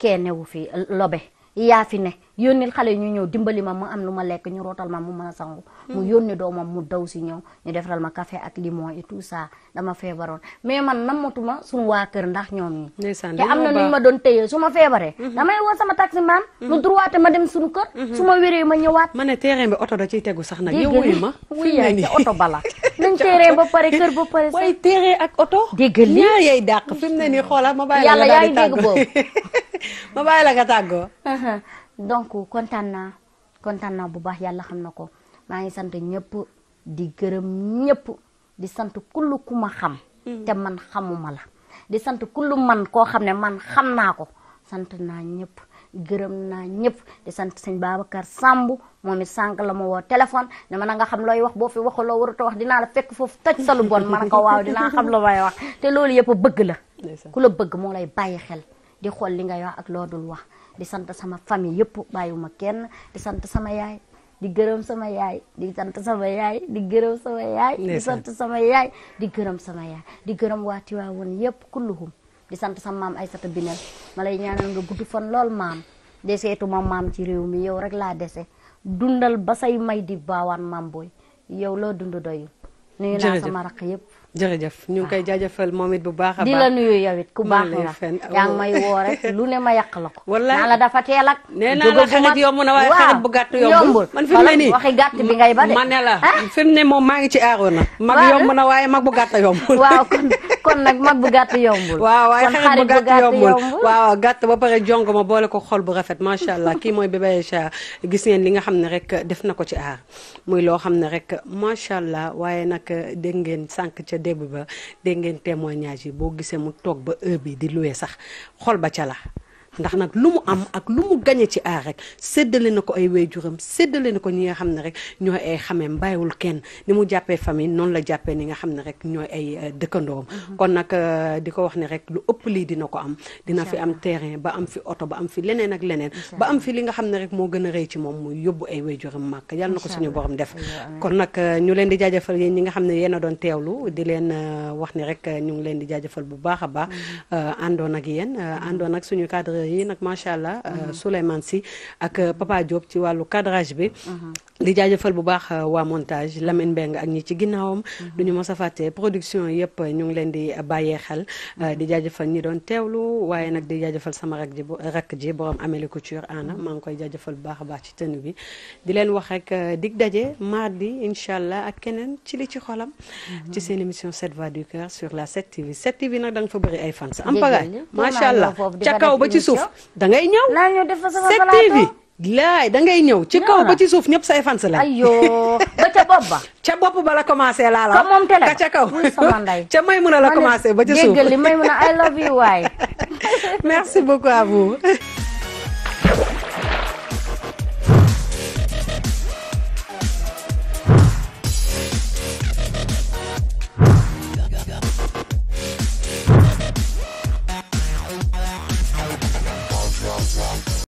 kee newu fi lobe yaa fi ne yónnil xale ñu ñëw dimbali ma mu am lu ma lekk ñu rootal ma mu mën a sangu hmm. mu yónni doomam mu daw si ñëw ñu defaral ma café ak limon yi tout sa dama feebaroon mais man nammatuma suñu waa kër ndax ñoom ñi te am na nuñ ma doon téyee su ma feebaree hmm. damay woo sama taxi man hmm. mu droité ma dem suñu kër su ma wéree ma ñëwaat ma ne terrain bi oto da ciy tegu sax nag yow wuyu ma wuyaay ci oto bala nañ terrain ba pare ba pare sax terrain ak oto dégg li ñaa yay dàq fi ne nii ma bàyyi la yàlla yaa ngi dégg boobu ma bàyyi la nga tàggoo uh-huh. donc kontaan naa kontaan naa bu baax yàlla xam na ko maa ngi sant ñëpp di gërëm ñëpp di sant kullu ku ma xam. Mm-hmm. te man xamuma la. di sant kullu man koo xam ne man xam naa ko sant naa ñëpp gërëm naa ñëpp di sant sëñ Babacar Samb moom it sànq la ma woo téléphone ne ma na nga xam looy wax boo fi waxuloo warut a di dinaa la fekk foofu toj salu lu bon ma ne ko waaw dinaa xam lu may wax te loolu yëpp bëgg la. ku la bëgg moo lay bàyyi xel di xool li ngay wax ak loo dul wax. di sant sama famille yëpp bàyyiwuma kenn di sant sama yaay di gërëm sama yaay di sant sama yaay di gërëm sama yaay di sama yaay di gërëm sama yaay di gërëm waa Tiwaawoon yëpp kulluhum di sant sama maam ay Binel ma lay ñaanal nga gudd fan lool maam deseetu ma maam ci réew mi yow rek laa dese dundal ba say may di baawaan maam boy yow loo dund doyul nuyu naa sama raq yëpp. jërëjëf ñu ngi koy ah. jaajëfal moom it bu baax a baax di la nuyu yow ku baax nga yaa ngi may woo rek lu ne ma yàq la ko. wallaay naa la dafa teel ak. nee naa la xarit yomb na waaye xarit bu gàtt yombul. man fi mu nii waxi gàtt bi ngay ba de. ma ne la ah. fi mu ne moom maa ngi ci aaroon na. mag yomb na waaye mag bu gàtt yombul. waaw kon kon nag mag bu gàtt yombul. waaw waaye xarit waaw gàtt ba pare jongo ma boole ko xol bu rafet macha allah kii mooy Bébé Aïcha gis ngeen li nga xam ne rek def na ko ci aar muy loo xam ne rek macha allah waaye nag dégg ngeen sànq ca début ba dégg ngeen témoignage yi boo gisee mu toog ba heure bi di luwee sax xol ba ca la ndax nag lu mu am ak lu mu gañe ci aar rek séddale na ko ay waajuram séddale na ko ñi nga xam ne rek ñooy ay xameem bàyyiwul kenn ni mu jàppee famille noonu la jàppee ni nga xam ne rek ñooy ay euh, dëkkandoom mm-hmm. kon nag euh, di ko wax ni rek lu ëpp lii dina ko am dina fi am terrain ba am fi oto ba am fi leneen ak leneen ba am fi li nga xam ne rek moo gën a rëy ci moom mu yóbbu ay waajuram màkk yàlla na ko suñu borom def kon nag euh, ñu leen di jaajëfal yéen ñi nga xam ne yéen a doon teewlu di leen wax ni rek ñu ngi leen di jaajëfal bu baax a baax mm-hmm. àndoon ak yéen àndoon ak suñu cadre yi nag macha allah. Euh, mhm. Souleymane Sy ak euh, Papa Diop ci wàllu cadrage bi. Mhm. di jaajëfal bu baax euh, waa montage Lamine Mbeng ak ñi ci ginnaawam. Mhm. du ñu ma sa fàtte production yëpp ñu ngi leen di bàyyee xel. di jaajëfal ñi doon teewlu waaye nag di jaajëfal sama rak ji rakk ji borom Amélie Couture ana maa ngi koy jaajëfal bu baax baax ci tënu bi. di leen wax rek dig daje mardi incha allah ak keneen ci li ci xolam. ci seen émission 7 voix du cœur sur la 7TV 7TV nag da nga bëri ay fans. am pagaay macha allah suuf da ngay ñëw. naa ñëw def da ngay ñëw ci kaw ba ci suuf ñëpp say fans la. ayoo ba ca bopp ba. ca bopp ba la commencé laa la. comme moom télé ba ca kaw. ca may mun a la commencé ba ca suuf. dégg li may mun a I love you waay. merci beaucoup à